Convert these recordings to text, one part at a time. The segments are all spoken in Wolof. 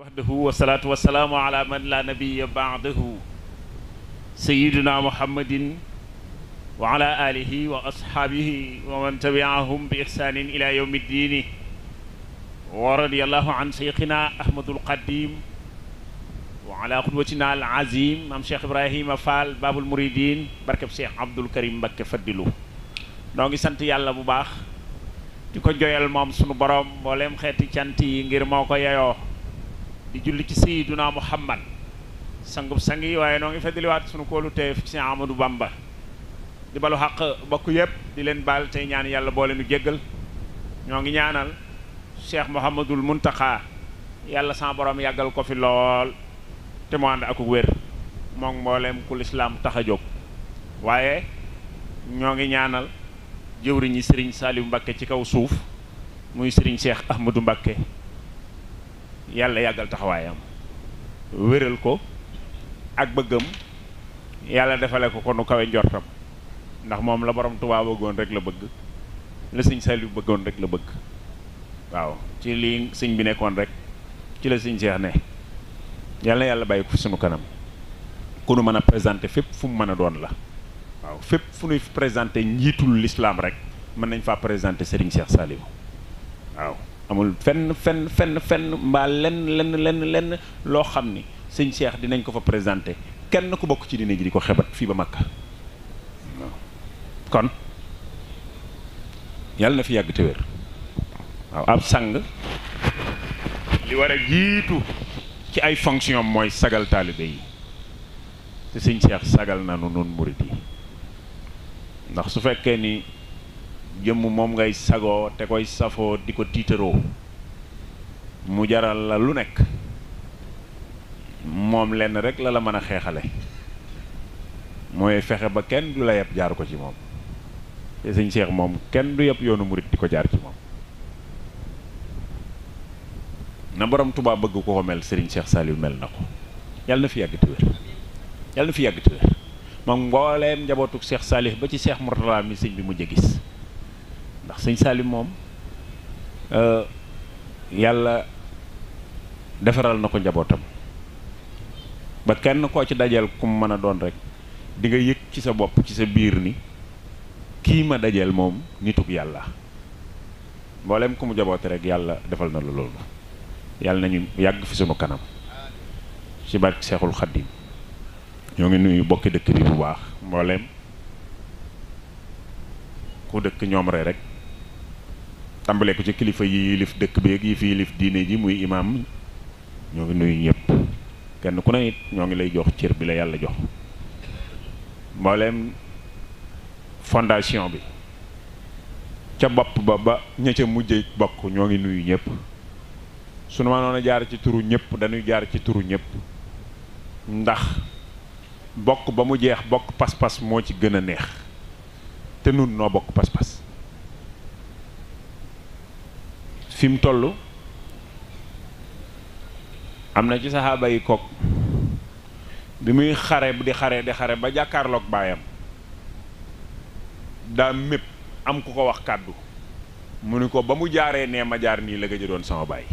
وحده والصلاة والسلام على من لا نبي بعده سيدنا محمد وعلى آله وأصحابه ومن تبعهم بإحسان إلى يوم الدين ورضي الله عن شيخنا أحمد القديم وعلى قدوتنا العظيم أم شيخ إبراهيم فال باب المريدين بركة شيخ عبد الكريم بك فدلو نوغي سنت يالا بو باخ diko joyal mom sunu borom خيتي xéti cant yi ngir di julli ci sayyiduna muhammad Sanggup sangi waye no ngi fedeli wat sunu tey fi ci amadou bamba di balu haq bokku yeb di len bal tey ñaan yalla bo lenu jéggal ñoo ngi ñaanal cheikh mohamadul muntaha yalla sa borom yagal ko fi lol te mo and ak wër mok mbolem ku l'islam taxa waye ñoo ngi ñaanal jëwriñi serigne salim mbacke ci kaw suuf muy serigne cheikh ahmadou mbacke yàlla yàggal taxawaayam wéral ko ak bëggam yàlla defale ko ko nu kawe njortam ndax moom la borom Tuubaa bëggoon rek la bëgg la sëñ Saliou bëggoon rek la bëgg waaw ci lii sëñ bi nekkoon rek ci la sëñ Seex ne yàlla yàlla bàyyi ko sunu kanam ku nu mën a présenté fépp fu mu mën a doon la waaw fépp fu nuy présenté njiitul lislaam rek mën nañ faa présenté Serigne Cheikh Saliou waaw amul fenn fenn fenn fenn mbaa lenn lenn lenn lenn loo xam ni sëñ Cheikh dinañ ko fa présenté kenn ku bokk ci diine ji di ko xebat fii ba Makka kon yàlla na fi yàgg te waaw ab sang li war a jiitu ci ay fonction mooy sagal taalibe yi te sëñ Cheikh sagal na nu nun murit yi ndax su fekkee ni jëmm moom ngay sagoo te koy safoo di ko tiitaroo mu jaral la lu nekk moom lenn rek la la mën a xeexale mooy fexe ba kenn du la yab jaar ko ci moom te sëñ Cheikh moom kenn du yab yoonu murit di ko jaar ci moom na borom tubaab bëgg ko ko mel Serigne Cheikh Saliou mel na ko yàlla na fi yàgg te yàlla na fi yàgg te moom mbooleem njabootu Cheikh saalif ba ci seex Mourtala mi sëñ bi mujj a gis ndax sëñ Salim moom euh, yàlla defaral na ko njabootam ba kenn koo ci dajal ku mu mën a doon rek di nga yëg ci sa bopp ci sa biir ni kii ma dajal moom nitug yàlla mboolem ku mu jaboote rek yàlla defal na la loolu yàlla nañu yàgg fi sunu kanam ci barke Seexul Xaddim ñoo ngi nuyu bokki dëkk bi bu baax mboolem ku dëkk ñoom rek tàmbale ko ci kilifa yi yilif dëkk bi ak yi fi yilif diine ji muy imaam ñoo ngi nuyu ñëpp kenn ku ne ñoo ngi lay jox cër bi la yàlla jox mbooleem fondation bi ca bopp ba ba ña ca mujje bokk ñoo ngi nuyu ñëpp su nu ma noon a jaar ci turu ñëpp dañuy jaar ci turu ñëpp ndax bokk ba mu jeex bokk pas-pas moo ci gën a neex te nun noo bokk pas-pas fim tollu amna am na ci sahaba yi kok bi muy xare di xare di xare ba ak bayam da mépp am ku ko wax kaddu muniko ba mu jaaree nee ma jaar ni la gëj doon sama baay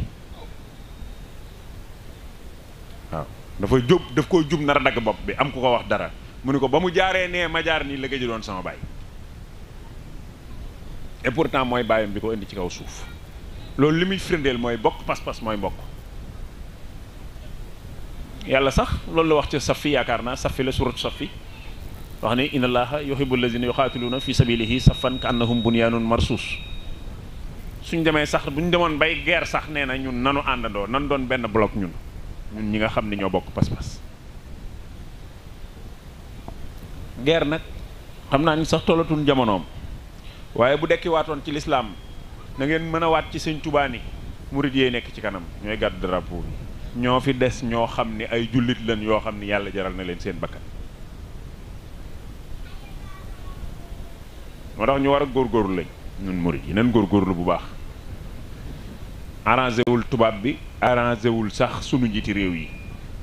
da fay jub daf koo jum nara dag bop bi am ku ko wax dara muniko ba mu jaaree nee ma jaar ni la gëj doon sama baay et pourtant moy bayam bi ko indi ci kaw souf loolu li muy firndeel mooy bokk pas-pas mooy mbokk yàlla sax loolu la wax ci safi yaakaar naa safi la suratu safi wax ne inna allaha yuhibbu allazina yuqaatiluuna fi sabilihi safan ka annahum bunyaanun marsuus suñ demee sax bu ñu demoon bay guerre sax nee na ñun nanu àndandoo nan doon benn bloc ñun ñun ñi nga xam ne ñoo bokk pas-pas guerre nag xam naa ni sax tollatun jamonoom waaye bu dekki waatoon ci lislaam na ngeen mën a waat ci sëñ Tuubaa ni murit yee nekk ci kanam ñooy gàddu drapeau bi ñoo fi des ñoo xam ni ay jullit lañ yoo xam ni yàlla jaral na leen seen bakkan moo tax ñu war a góorgóorlu lañ ñun murit yi góor góorlu bu baax arrangé wul tubaab bi arrangé wul sax sunu njiiti réew yi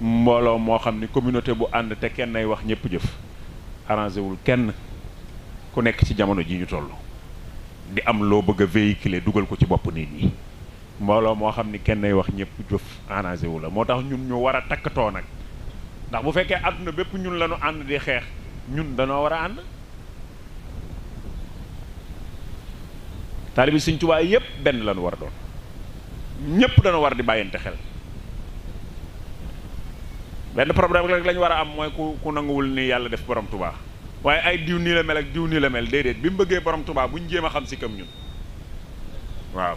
mbooloo moo xam ni communauté bu ànd te kenn ay wax ñëpp jëf arrangé wul kenn ku nekk ci jamono ji ñu toll di am lo bëgg a véhiculer dugal ko ci bopp nit ñi mbooloo moo xam ni kenn wax ñëpp jëf enragé wu la moo tax ñun ñu war a takkatoo nag ndax bu fekkee àdduna bépp ñun lañu ànd di xeex ñun danoo war a ànd taalibi Sëñ yépp benn lañu war doon ñépp danoo war di bàyyante xel benn problème rek lañu war a am mooy ku ku nanguwul ni yàlla def borom Tuubaa waaye ay diw ni la mel ak diw nii la mel déedéet bi mu bëggee borom tubaa bu ñu jéem xam si kam ñun waaw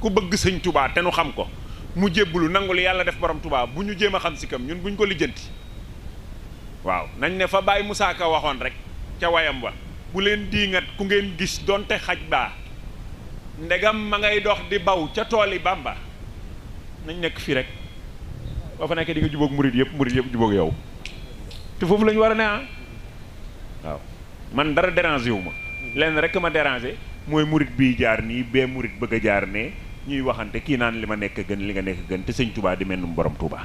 ku bëgg sëñ tubaa te nu xam ko mu jébbulu nangul yàlla def borom tubaa bu ñu xam kam ñun bu ko lijjanti waaw nañ ne fa bàyyi musa Ka waxoon rek ca wayam wa bu di diingat ku ngeen gis donte xaj ndegam ma ngay dox di baw ca tooli Bàmba nañ nekk fii rek boo fa nekkee di nga jubóog murit yëpp murit yëpp jubóog yow te foofu la ñu ne ah. man dara dérangé wu ma lenn rek ma dérangé mooy murit bii jaar nii bee murit bëgg a jaar ne ñuy waxante kii naan li ma nekk gën li nga nekk gën te sëñ Touba di mel ni borom Touba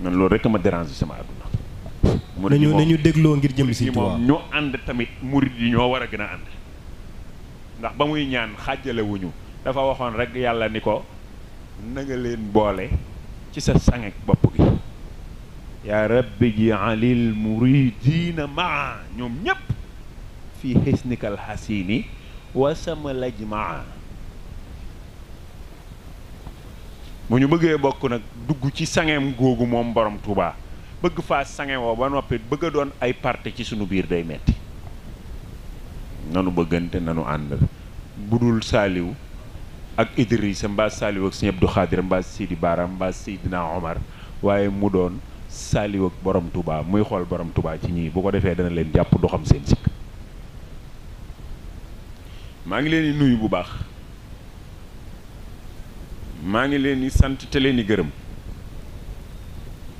man loolu rek ma dérange sama àdduna. murit yi moom nañu dégloo ngir jëm si Touba ñu ànd tamit murit yi ñoo war a gën a ànd. ndax ba muy ñaan xàjjale dafa waxoon rek yàlla ni ko na leen boole ci sa sangek bopp gi. ya rabbi ji'alil muridina ma'a ñom ñep fi hisnikal hasini wa sama lajma'a mu ñu bëggee bokk nag dugg ci sangeem googu moom borom tuba bëgg faa sange woo ba noppi bëgg doon ay parte ci sunu biir day metti nanu bëggante nanu ànd budul saliw ak idrissa mbaa saliw ak sëñ abdou xaadir mbaa sidi baara sidina omar waaye mu doon saaliw borom tubaa muy xool borom tubaab ci ñii bu ko defee dana leen jàpp du xam seen sikk maa ngi leen di nuyu bu baax maa ngi leen di sant te leen di gërëm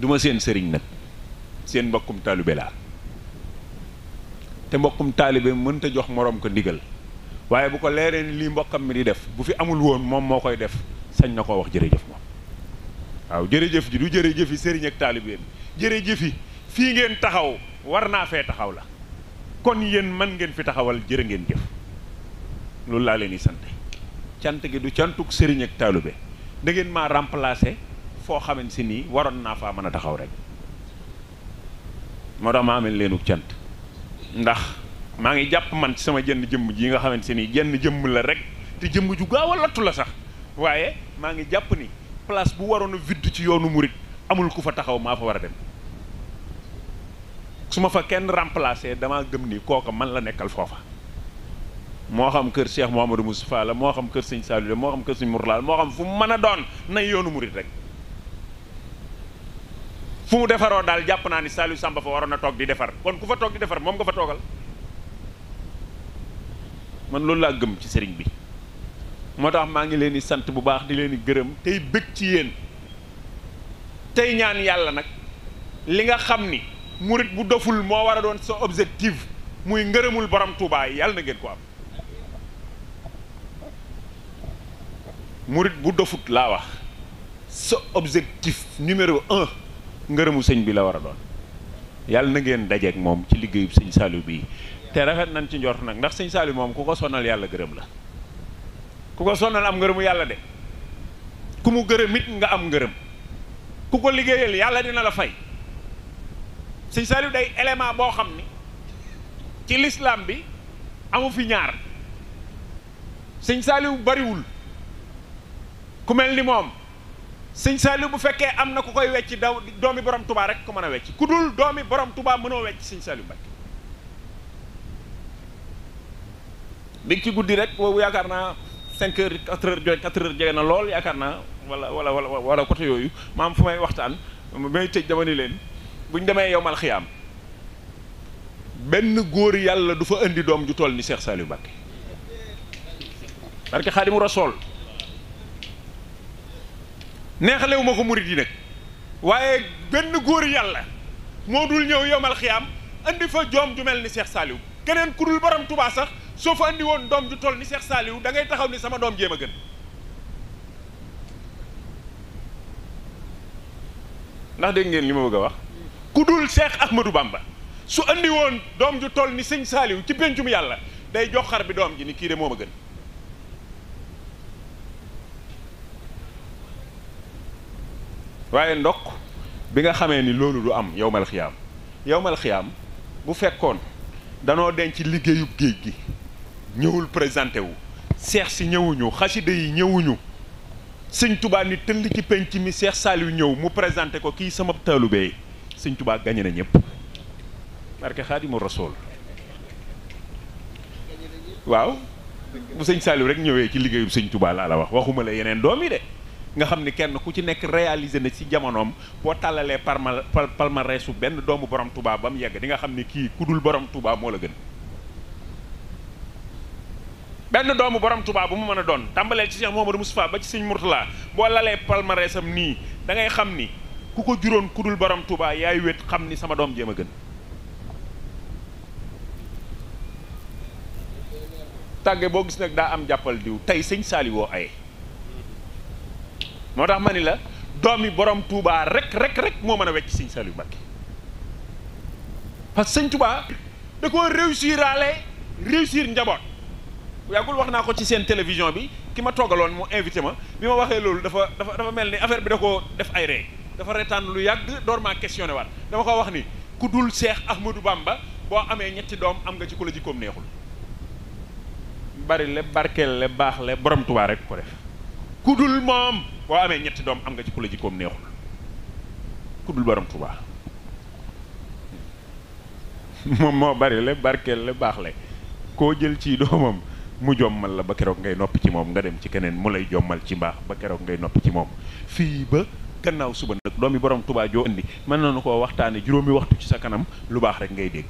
duma seen sëriñ nag seen mbokkum taalibe laa te mbokkum taalibe mënta jox moroom ko ndigal waaye bu ko leeree ni lii mbokkam mi di def bu fi amul woon moom moo koy def sañ na koo wax jërëjëf moom jere jërëjëf ji du jërëjëf fi serigne ak jere jërëjëf fi fi ngeen taxaw war naa taxaw la kon yeen man ngeen fi taxawal jere ngeen jëf loolu la leen gi du cantuk serigne ak talibé da ngeen ma remplacer sini xamante si mana waroon naa taxaw rek mo dama amel lenuk tiant ndax ma ngi japp man ci sama jenn jëm ji nga xamante si jenn jëm la rek te jëm ju gawa lotu la sax waye ma ngi japp ni place bu waroon a vidde ci yoonu murit amul ku fa taxaw maa fa war a dem su ma fa kenn remplacé damaa gëm ni kooka man la nekkal foofa moo xam kër moo Cheikh Mouhamadou Moustapha la moo xam kër sëñ Saliou la moo xam kër sëñ Mourlaal moo xam fu mu mën a doon nay yoonu murit rek fu mu defaroo daal jàpp naa ni saalu Samba fa waroon a toog di defar kon ku fa toog di defar moom nga fa toogal man loolu laa gëm ci sëriñ bi moo tax maa ngi leen di sant bu baax di leen di gërëm tey bëgg ci yéen tey ñaan yàlla nag li nga xam ni murit bu doful moo war a doon sa objectif muy ngërëmul borom Touba yàlla na ngeen ko am murit bu dofut laa wax sa objectif numéro un ngërëmu sëñ bi la war a doon yàlla na ngeen dajeeg moom ci liggéeyub sëñ Saliou bii te rafet nañ ci njort nag ndax sëñ Saliou moom ku ko sonal yàlla gërëm la ku ko sonnal am ngërëmu yàlla de ku mu gërëm it nga am ngërëm ku ko liggéeyal yàlla dina la fay sëñ Saliou day élément boo xam ni ci lislaam bi amu fi ñaar sëñ Saliou bariwul ku mel ni moom sëñ bu fekkee am na ku koy wecc daw doomi borom tubaa rek ko mën a wecc ku dul doomi borom tubaa mënoo wecc sëñ Saliou Mbacké dig ci guddi rek boobu yaakaar naa cinq heures quatre heures jooy quatre heures jege na lool yaakaar naa wala wala wala wala côté yooyu maam fu may waxtaan may tëj dama ni leen bu ñu demee yowmal xiyaam benn góor yàlla du fa indi doom ju toll ni Cheikh Saliou Mbacké barke Xaadimu Rasuul neexalewu ma ko murid yi nag waaye benn góor yàlla moo dul ñëw yowmal xiyaam indi fa joom ju mel ni Cheikh Saliou keneen ku dul borom tubaa sax soo fa andi woon doom ju toll ni Cheikh Saliou dangay ngay taxaw ni sama doom jéem a gën ndax dégg ngeen li ma bëgg a wax ku dul Cheikh Ahmadou bàmba su andi woon doom ju toll ni sëñ saaliw ci péncum yàlla day jox xar bi doom ji ni kii de moom a gën waaye ndokk bi nga xamee ni loolu du am yowmal xiyaam yowmal xiyaam bu fekkoon danoo denc liggéeyu géej gi ñëwul présenté wu seex si ñëwuñu xasida yi ñëwuñu sëñ tubaa ni tëll ci penc mi seex Saaliw ñëw mu présenté ko kii sama taalubee sëñ tubaa gañe na ñëpp barke xaadimu rasool waaw bu sëñ Saaliw rek ñëwee ci liggéeyub sëñ tubaa laa la wax waxuma la yeneen doom yi de nga xam ni kenn ku ci nekk réalisé na ci jamonoom boo tàllalee palmarèsu benn doomu borom tubaab ba mu yegg di nga xam ni kii ku dul borom tubaa moo la gën benn doomu borom Touba bu mu mën a doon tàmbaleel ci Cheikh Mouhamadou Moustapha ba ci Sëñ Mourtala boo lalee palmarèsam nii da ngay xam ni ku ko juróon ku dul borom Touba yaay wét xam ni sama doom jéem a gën. tàgge boo gis nag daa am jàppal diw tey sëñ Saaliwoo aye moo tax ma ni la doomi borom Touba rek rek rek moo mën a wecc sëñ Saaliw Mbàkke parce que sëñ Touba da koo réussir aale njaboot. yàggul waxna ko ci sen télévision bi ki ma toogaloon mu invité ma bima waxé waxee loolu dafa dafa dafa melni affaire bi da ko def ay ree dafa rétane lu yàgg door questioné wat dama ko wax ni ku dul Cheikh Ahmadou Bamba bo amé ñetti doom am nga ci ku la jikkoom neexul bari le barkeel le baax le borom tuba rek ko def ku dul mom bo amé ñetti doom am nga ci ku la neexul ku dul borom tuba mom mo bari le barkel le baax le jël ci domam mu jommal la ba keroog ngay noppi ci moom nga dem ci keneen mu lay jommal ci mbaax ba keroog ngay noppi ci moom fii ba gannaaw suba nag doomi borom tubaa joo indi mën nañu koo waxtaane juróomi waxtu ci sa kanam lu baax rek ngay dégg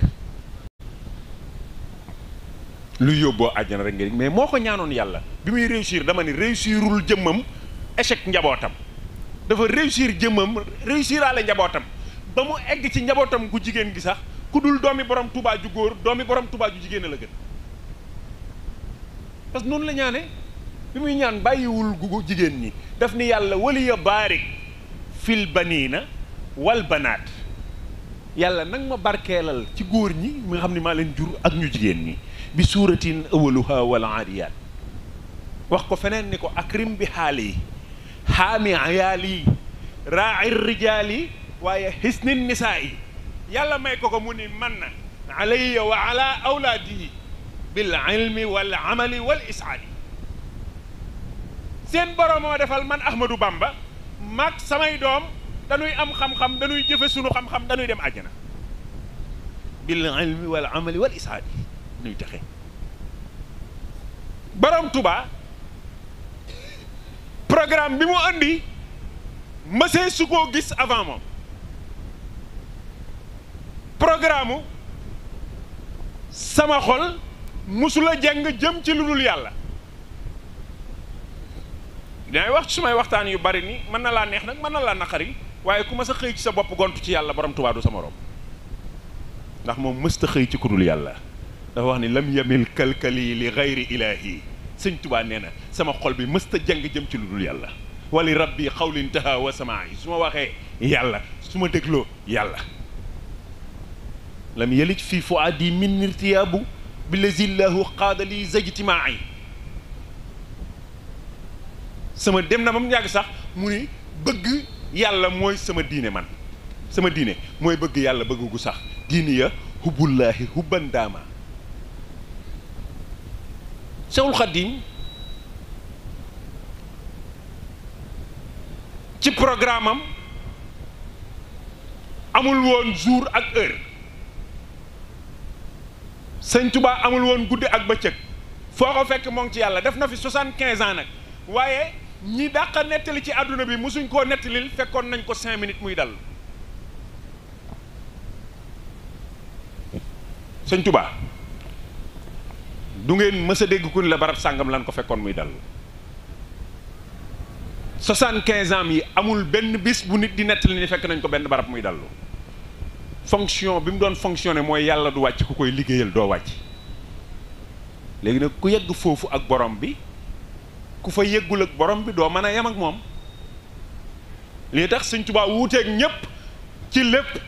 lu yóbboo àjjana rek ngay mais moo ko ñaanoon yàlla bi muy réussir dama ni réussirul jëmmam échec njabootam dafa réussir jëmmam réussiraale njabootam ba egg ci njabootam gu jigéen gi sax ku dul doomi borom tubaa ju góor doomi borom tubaa ju jigéen la gën parce que noonu la ñaanee bi muy ñaan bàyyiwul gu jigéen ñi daf ni yàlla waliya baarik fil baniina wal banaat yàlla nag ma barkeelal ci góor ñi mi nga xam leen jur ak ñu jigéen ñi bi suuratin awaluha wal aariyaat wax ko feneen ni ko akrim bi xaali xaami ayaali raaci rijaali waaye xisnin nisaa yàlla may ko ko mu ni alayya wa ala awlaadi بالعلم wal amali wal isaali seen borom moo defal man Ahmadou Bamba maag samay doom dañuy am xam-xam dañuy jëfe sunu xam-xam dañuy dem àjjana bil ilmi wal amali wal isaadi nuy texe borom Touba programme bi mu andi mësee su koo gis avant moom programme sama xol musula jeng jëm ci lu yalla day wax ci may waxtan yu bari ni man na laa neex nak man na laa naqari waaye ku sa xey ci sa bop gontu ci yalla borom tuba du sama rom ndax mom mësta xey ci kudul yalla da wax ni lam yamil kalkali li ghairi ilahi seigne tuba neena sama xol bi mësta jeng jëm ci lu yalla wali rabbi qawli intaha wa sama'i suma waxe yalla suma deglo yalla lam yelit fi fuadi min irtiyabu بالذي الله قاد لي زجت معي سما دمنا مم ياغ صاح موني بغ يالا موي سما دين مان سما دين موي بغ يالا بغوغو صاح دين يا حب الله حبا داما سو القديم تي بروغرامم امول وون جور اك هور sëñ tubaa amul woon guddi ak bëccëg foo ko fekk moo ngi ci yàlla def na fi soixante-quinze ans nag waaye ñi dàq nettali ci àdduna bi mosuñ koo nettalil fekkoon nañ ko cinq minutes muy dal sëñ Touba du ngeen mës dégg ku ni la barab sàngam lan ko fekkoon muy dal soixante-quinze ans yi amul benn bis bu nit di nettali ni fekk nañ ko benn barab muy dallu fonction bi mu doon fonctionné mooy yàlla du wàcc ku koy liggéeyal doo wàcc léegi nag ku yegg foofu ak borom bi ku fa yeggul ak borom bi doo man a yem ak moom lii tax Sëñ Tuubaa wuuteeg ñépp ci lépp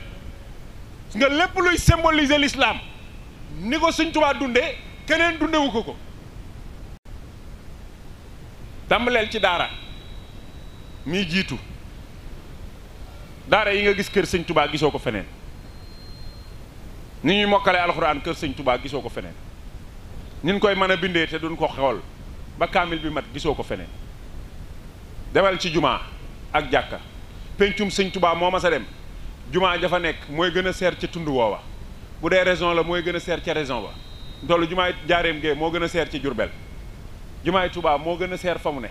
nga lépp luy symboliser l'islam ni ko Sëñ Tuubaa dundee keneen dundewu ko ko tàmbaleel ci daara mii jiitu daara yi nga gis kër Sëñ Tuubaa gisoo ko feneen ni ñuy mokkalee alxuraan kër sëñ tubaa gisoo ko feneen nin koy mën a bindee te duñ ko xool ba kaamil bi mat gisoo ko feneen demal ci jumaa ak jàkka pencum sëñ tubaa moom ma sa dem jumaa jafa nekk mooy gën a seer ca tund woowa bu dee raison la mooy gën a seer ca raison ba tollu jumaay jaareem gee moo gën a seer ci jurbel jumaay tubaa moo gën a seer fa mu ne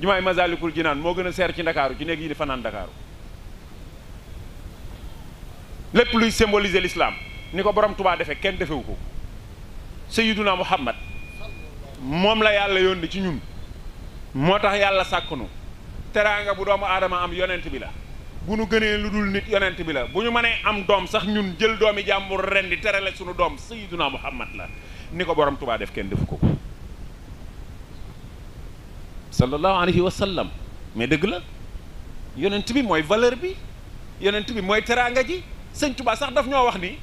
jumaay masalikul jinaan moo gën a seer ci ndakaaru ci néeg yi di fanaan ndakaaru lépp luy symboliser l'islam ni ko borom tubaa defe kenn defewu ko sayiduna muhammad moom la yàlla yoon yónni ci ñun moo tax yàlla sàkkunu teraanga bu doomu aadama am yonent bi la bu nu gënee lu dul nit yonent bi la bu ñu mënee am doom sax ñun jël doomi jàmbur ren di terale suñu doom sayiduna muhammad la ni ko borom tubaa def kenn defu ko sallallahu alayhi wa sallam mais dëgg la yonent bi mooy valeur bi yonent bi mooy teraanga ji sëñ tubaa sax daf ñoo wax ni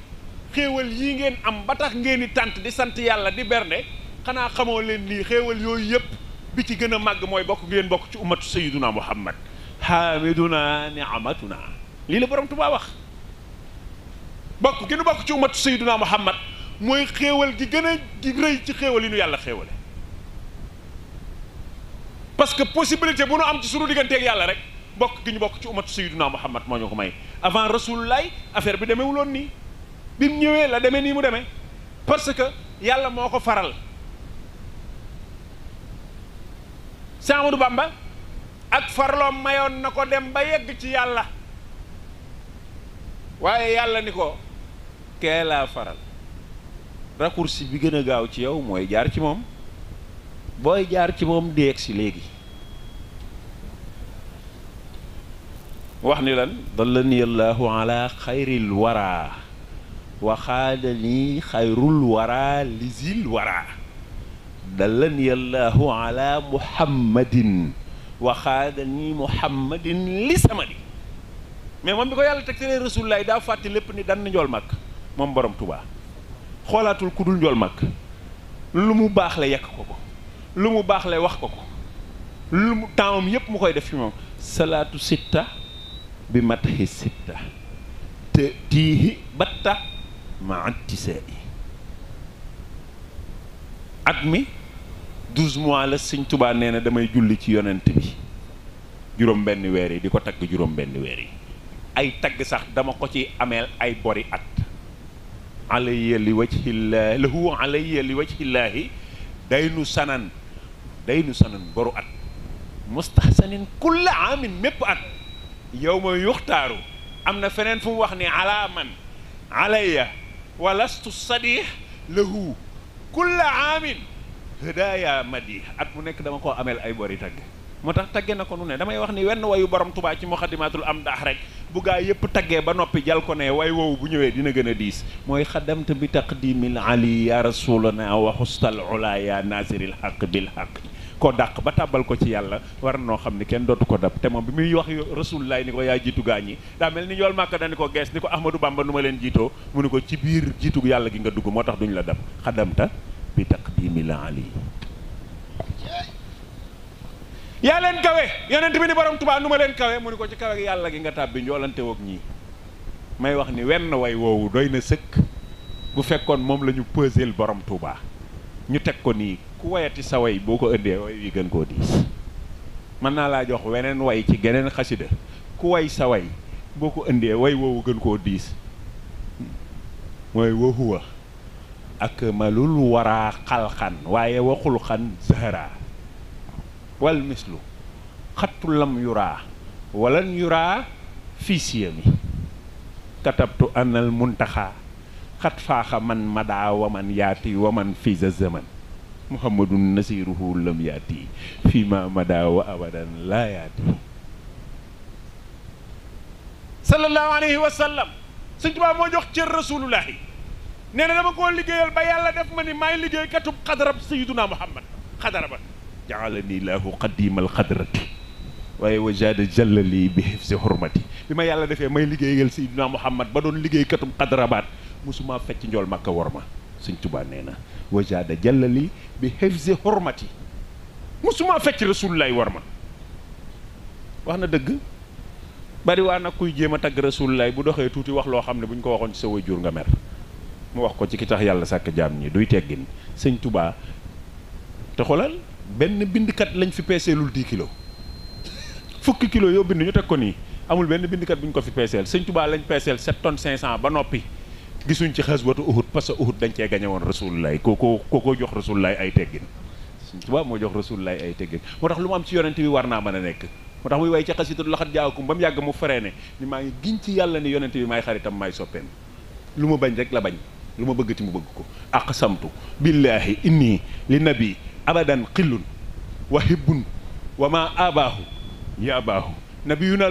xéewal yii ngeen am ba tax ngeen di tànt di sant yàlla di bernde xanaa xamoo leen nii xéewal yooyu yëpp bi ci gën a màgg mooy bokk ngeen bokk ci ummatu sayyiduna muhammad hamiduna ni'amatuna lii la borom Tuubaa wax bokk gi nu bokk ci ummatu sayyiduna muhammad mooy xéewal gi gën a gi rëy ci xewal yi nu yàlla xéewale parce que possibilité bu nu am ci sunu digganteeg yàlla rek bokk gi ñu bokk ci ummatu sayyiduna muhammad moo ñu ko may avant rasulullah affaire bi demeewuloon nii bi mu ñëwee la demee nii mu deme parce que yàlla moo ko faral Seex Ahmadu Bamba ak farloo mayoon na ko dem ba yegg ci yàlla waaye yàlla ni ko kee laa faral raccourci bi gën a gaaw ci yow mooy jaar ci moom booy jaar ci moom déeg ci léegi wax ni lan dallani allahu ala xayril wara وخالني خير الورى لذي الورى دلني الله على محمد وخالني محمد لسمدي mais moom bi ko yàlla teg te rasul laay daa fàtte lépp ni dan na njool mag moom borom tubaa xoolaatul ku dul njool mag lu mu baax la yekk ko ko lu mu baax la wax ko ko lu mu tempsam yépp mu koy def fi moom salaatu sitta bi matahi sitta te tiihi batta maat tisaa yi at mi douze mois la sëñ tubaa nee na damay julli ci yonent bi juróom benn weer yi di ko tagg juróom benn weer yi ay tagg sax dama ko ci ameel ay bori at alayya li wajhillaahi lahu alayya li wajhillaahi day nu sanan day nu sanan boru at mustahsanin kulla aamin mépp at yow ma yuxtaaru am na feneen fu mu wax ni alaa man alayya walastu sadih lahu kulla aamin hëdaaya madi at mu nekk dama koo ameel ay bori tagg moo tax tagge na ko nu ne damay wax ni wenn wayu borom tubaa ci muxaddimatul am daax rek bu gaa yëpp taggee ba noppi jal ko ne way woowu bu ñëwee dina gën a diis mooy xadamta bi taqdimil ali ya rasulana wa xustal ula ya nasiril haq bil haq ko dàq ba tàbbal ko ci yàlla war noo xam ni kenn dootu ko dab te moom bi muy wax rasulullah ni ko yaa jiitu gaa ñi daa mel ni yool màkka dani ko gees ni ko ahmadou bamba nu ma leen jiitoo mu ni ko ci biir jiitu yàlla gi nga dugg moo tax duñ la dab xadamta bi taqdimi la ali yaa leen kawe yonent bi ni borom tubaa nu ma leen kawe mu ni ko ci kawe gi yàlla gi nga tàbbi njoolante woog ñii may wax ni wenn way woowu doy na sëkk bu fekkoon moom la ñu pëseel borom tubaa ñu teg ko nii ku wayati sa way boo ko indee woy wi gën koo diis mën naa laa jox weneen way ci geneen xasida ku way sa way boo ko indee way woowu gën koo diis mooy wahuwa ak malul waraa xalxan waaye waxul xan zahraa wal mislu xattu lam yuraa walan yuraa fii siyami katabtu anal muntaxaa xat faaxa man madaa waman yaati waman fii za zaman muhammadun nasiruhu lam yaati fii ma mada wa abadan laa yaati sallallahu moo jox cër rasulullahi nee na dama koo liggéeyal ba yàlla def ma ni maay liggéey katub xadarab sayiduna muhammad xadara ba jaalani laahu qadimal xadrati waaye wa jaada jallali bi hifsi hurmati bi ma yàlla defee may liggéeyal sayiduna muhammad ba doon liggéey katub xadarabaat mosumaa fecc njool màkka war sëñ tubaa nee na wajaada jàllali bi hifzi hormati musuma fecc lay war ma wax na dëgg bari waa nag kuy jéem a tagg rasulullaay bu doxee tuuti wax loo xam ne bu ko waxoon ci sa waajur nga mer mu wax ko ci ki tax yàlla sàkk jaam ñi duy teggin sëñ tubaa te xoolal benn bindkat lañ fi peeseelul 10 kilos fukki kilos yoo bind ñu teg ko nii amul benn bindkat bu ñu ko fi peeseel sëñ tubaa lañ peeseel 7 tonnes 500 ba noppi gisuñ ci xas watu uhud parce que uhud dañ cee gañe woon rasulullaay kooko kookoo jox rasulullaay ay teggin suñ moo jox rasulullaay ay teggin moo tax lu mu am ci yonent bi war naa mën a nekk moo tax muy way ci xasitul laxat jaakum ba mu yàgg mu feree ne ni maa ngi giñ ci yàlla ni yonent bi maay xaritam maay soppeem lu ma bañ rek la bañ lu ma bëggati mu bëgg ko aqsamtu billaahi inni li nabi abadan xillun wa hibbun wa abaahu ya abaahu nabiyuna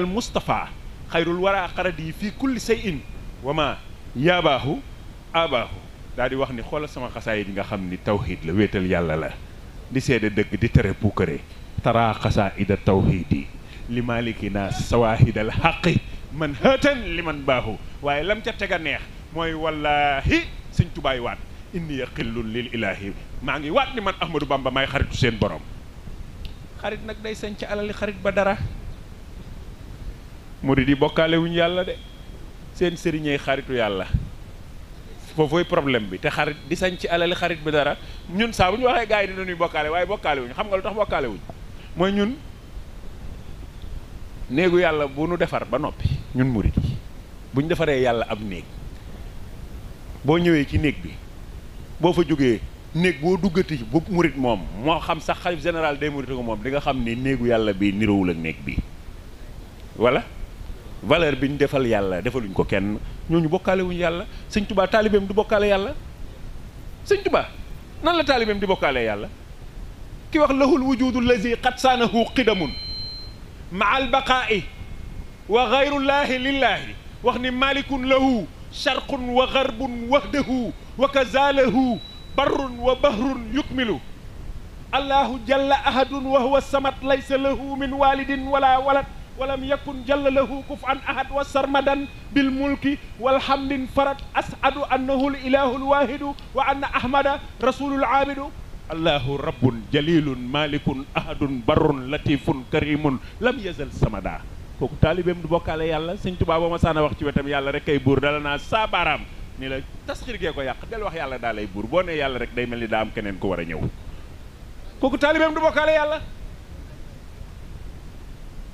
fii kulli shay'in wa ma yabahu abahu abaaxu di wax ni xol sama khasaayid nga xamni tawhid la wetal yalla la di seede deug di tere puukare taraa xasaida tawxiidi li malikina sawahid al haqq man hatan liman bahu waye lam ca tega a neex mooy wallaahi sëñ tubaay wat inni yaqillu lil ilahi ma ngi wat ni man ahmadou bamba may xaritu sen borom xarit nak day seigne ci alali xarit ba dara murid bokale wuñ yalla de seen sëriñey xaritu yàlla foofu problème bi te xarit di sañ ci alali xarit bi dara ñun saa bu ñu waxee gars yi dinañuy bokkaale waaye bokkaale wuñu xam nga lu tax bokkaale wuñu mooy ñun néegu yàlla bu nu defar ba noppi ñun murit yi bu ñu defaree yàlla ab néeg boo ñëwee ci néeg bi boo fa jógee néeg boo duggati bu murit moom moo xam sax xalif général day murit ko moom di nga xam ni néegu yàlla bi niroowul ak néeg bi wala valeur biñ defal yàlla defaluñ ko kenn ñooñu bokalé wuñ yàlla seigne touba talibem du bokalé yàlla seigne touba nan la talibem di bokalé yàlla ki wax lahul wujudu allazi qad sanahu qidamun maa albaqaa'i wa ghayru allahi lillahi wax ni malikun lahu sharqun wa gharbun wahdahu wa kazalahu barrun wa bahrun yukmilu allahu jalla ahadun wa huwa samat laysa lahu min walidin wala walad ولم يكن جل له كفعا أحد وسرمدا بالملك والحمد فرد أسعد أنه الإله الواحد وأن أحمد رسول العابد الله رب جليل مالك أحد بر لطيف كريم لم يزل سمدا kooku taalibeem du bokkaale yàlla sëñ tubaa ba ma wax ci wetam yàlla rek kay buur dala naa ni la tasxir gee ko yàq del wax yàlla daa lay buur ne yàlla rek day mel ni am keneen ku war a ñëw kooku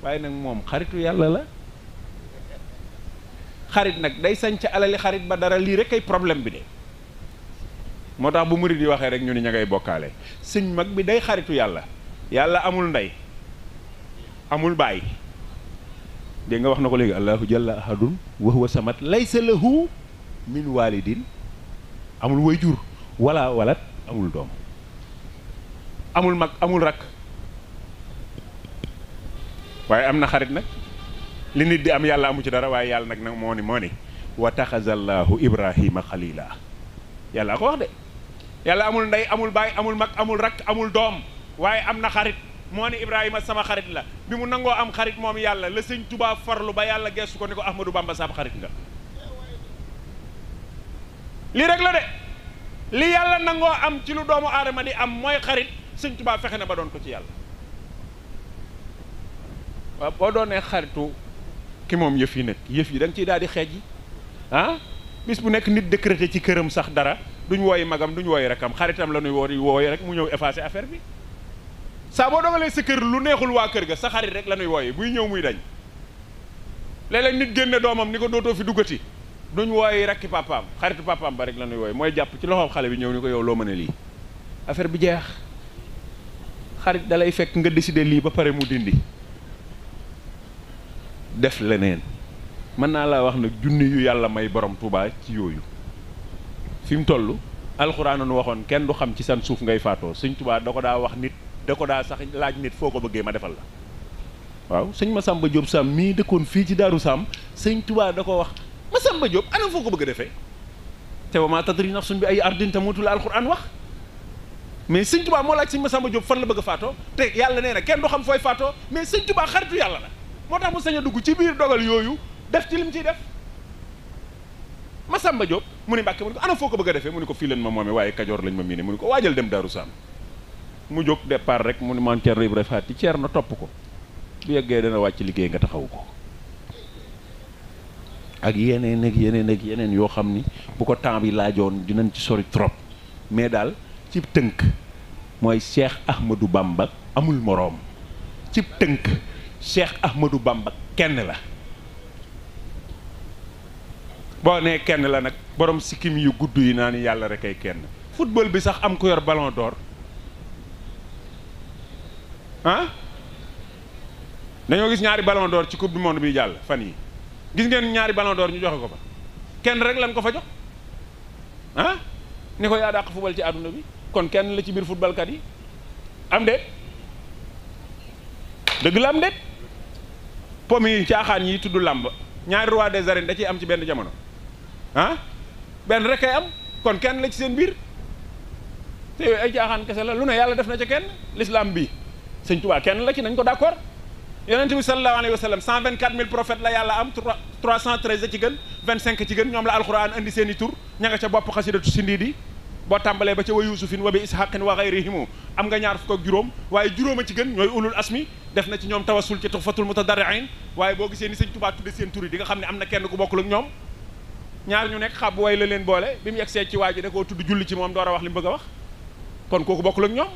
waye nak mom xaritu yalla la xarit nak, day sanc ca alali xarit ba dara li rek ay problème bi de motax bu mouride yi rek ñu ni ñagay bokalé señ mag bi day xaritu yalla yalla amul nday amul bay. de nga wax nako legi léegi allahu jalla ahadun wa huwa samat laysa lahu min walidin amul wayjur wala walat amul dom, amul mag amul rak. waaye am na xarit nag li nit di am yàlla amu ci dara waaye yàlla nag nag moo ni moo ni wa taxazallahu ibrahima xalila yàlla ko wax de yàlla amul ndey amul baay amul mag amul rakk amul doom waaye am na xarit moo ni ibrahima sama xarit la bi mu nangoo am xarit moom yàlla la sëñ tubaa farlu ba yàlla geesu ko ni ko ahmadou bamba saab xarit nga lii rek la de li yàlla nangoo am ci lu doomu aadama di am mooy xarit sëñ tubaa fexe na ba doon ko ci yàlla waaw boo doonee xaritu ki moom yëf yi nag yëf yi da nga ciy daal di xeej yi ah bis bu nekk nit décrété ci këram sax dara duñ wooyi magam duñ wooyi rakam xaritam la ñuy woo wooyi rek mu ñëw effacé affaire bi saa boo dogalee sa kër lu neexul waa kër ga sa rek la ñuy wooyi buy ñëw muy dañ léeg-léeg nit génne doomam ni ko dootoo fi duggati duñ wooyi rakki papaam xaritu papaam ba rek la ñuy wooyi mooy jàpp ci loxoom xale bi ñëw ni ko yow loo mën a lii affaire bi jeex xarit dalay fekk nga décider lii ba pare mu dindi def leneen mën naa laa wax nag junni yu yàlla may borom Touba ci yooyu fi mu toll alxuraan nu waxoon kenn du xam ci seen suuf ngay faatoo sëñ tubaa da ko daa wax nit da ko daa sax laaj nit foo ko bëggee ma defal la waaw sëñ Masamba Diop Sam mii dëkkoon fii ci Daaru Sam sëñ tubaa da ko wax Masamba Diop anam foo ko bëgg defee te wa maa tadri nafsun bi ay ardin tamuutu la alxuraan wax mais sëñ Touba moo laaj sëñ Masamba Diop fan la bëgg faatoo te yàlla nee na kenn du xam fooy faatoo mais sëñ Touba xaritu yàlla la moo tax mu sañ a dugg ci biir dogal yooyu def ci lim ciy def Masamba Diop mu ni Mbàkke mu ni ko ana foo ko bëgg a defee mu ni ko fii leen ma moomee waaye Kajoor lañ ma miine mu ni ko waajal dem Daaru Saam mu jóg départ rek mu ni maam Thierno Ibrahima Fati Thierno na topp ko bu yeggee dana wàcc liggéey nga taxaw ko ak yeneen ak yeneen ak yeneen yoo xam ni bu ko temps yi laajoon dinañ ci sori trop mais daal cib tënk mooy Cheikh Ahmadou Bamba amul moroom ci tënk Cheikh Ahmadou Bamba kenn la boo nee kenn la nag boroom sikkim yu gudd yi naa ni yàlla rekk ay kenn futbal bi sax am ku yor ballon d'or ah dañoo gis ñaari ballon ci coupe du monde bi jàll fan yi gis ngeen ñaari ballon ñu joxe ko fa kenn rek lan ko fa jox ah ni ko yaa dàq football ci àdduna bi kon kenn la ci biir footballkat yi am déet dëgg la am déet pomme yi caaxaan yi tudd làmb ñaari roi des arènes da ciy am ci benn jamono ah benn rek ay am kon kenn la ci seen biir te yooyu ay caaxaan kese la lu ne yàlla def na ca kenn l'islam bi sëñ Tuubaa kenn la ci nañ ko d'accord yonent bi sallallahu alayhi wa sallam cent vingt quatre mille prophètes la yàlla am trois cent treize ci gën vingt cinq ci gën ñoom la alxuraan indi seen i tur ña nga ca bopp xasidatu sindii di boo tàmbalee ba ca wa yusufin wa bi ishaqin wa gayrihimu am nga ñaar fukk ak juróom waaye juróom a ci gën ñooy ulul asmi def na ci ñoom tawasul ci tuxfatul mutadarriin waaye boo gisee ni sëñ Tuubaa tudde seen tur yi xam ne am na kenn ku bokkul ak ñoom ñaar ñu nekk xab way la leen boole bi mu yegsee ci waa ji da koo tudd julli ci moom door a wax li mu bëgg a wax kon kooku bokkul ak ñoom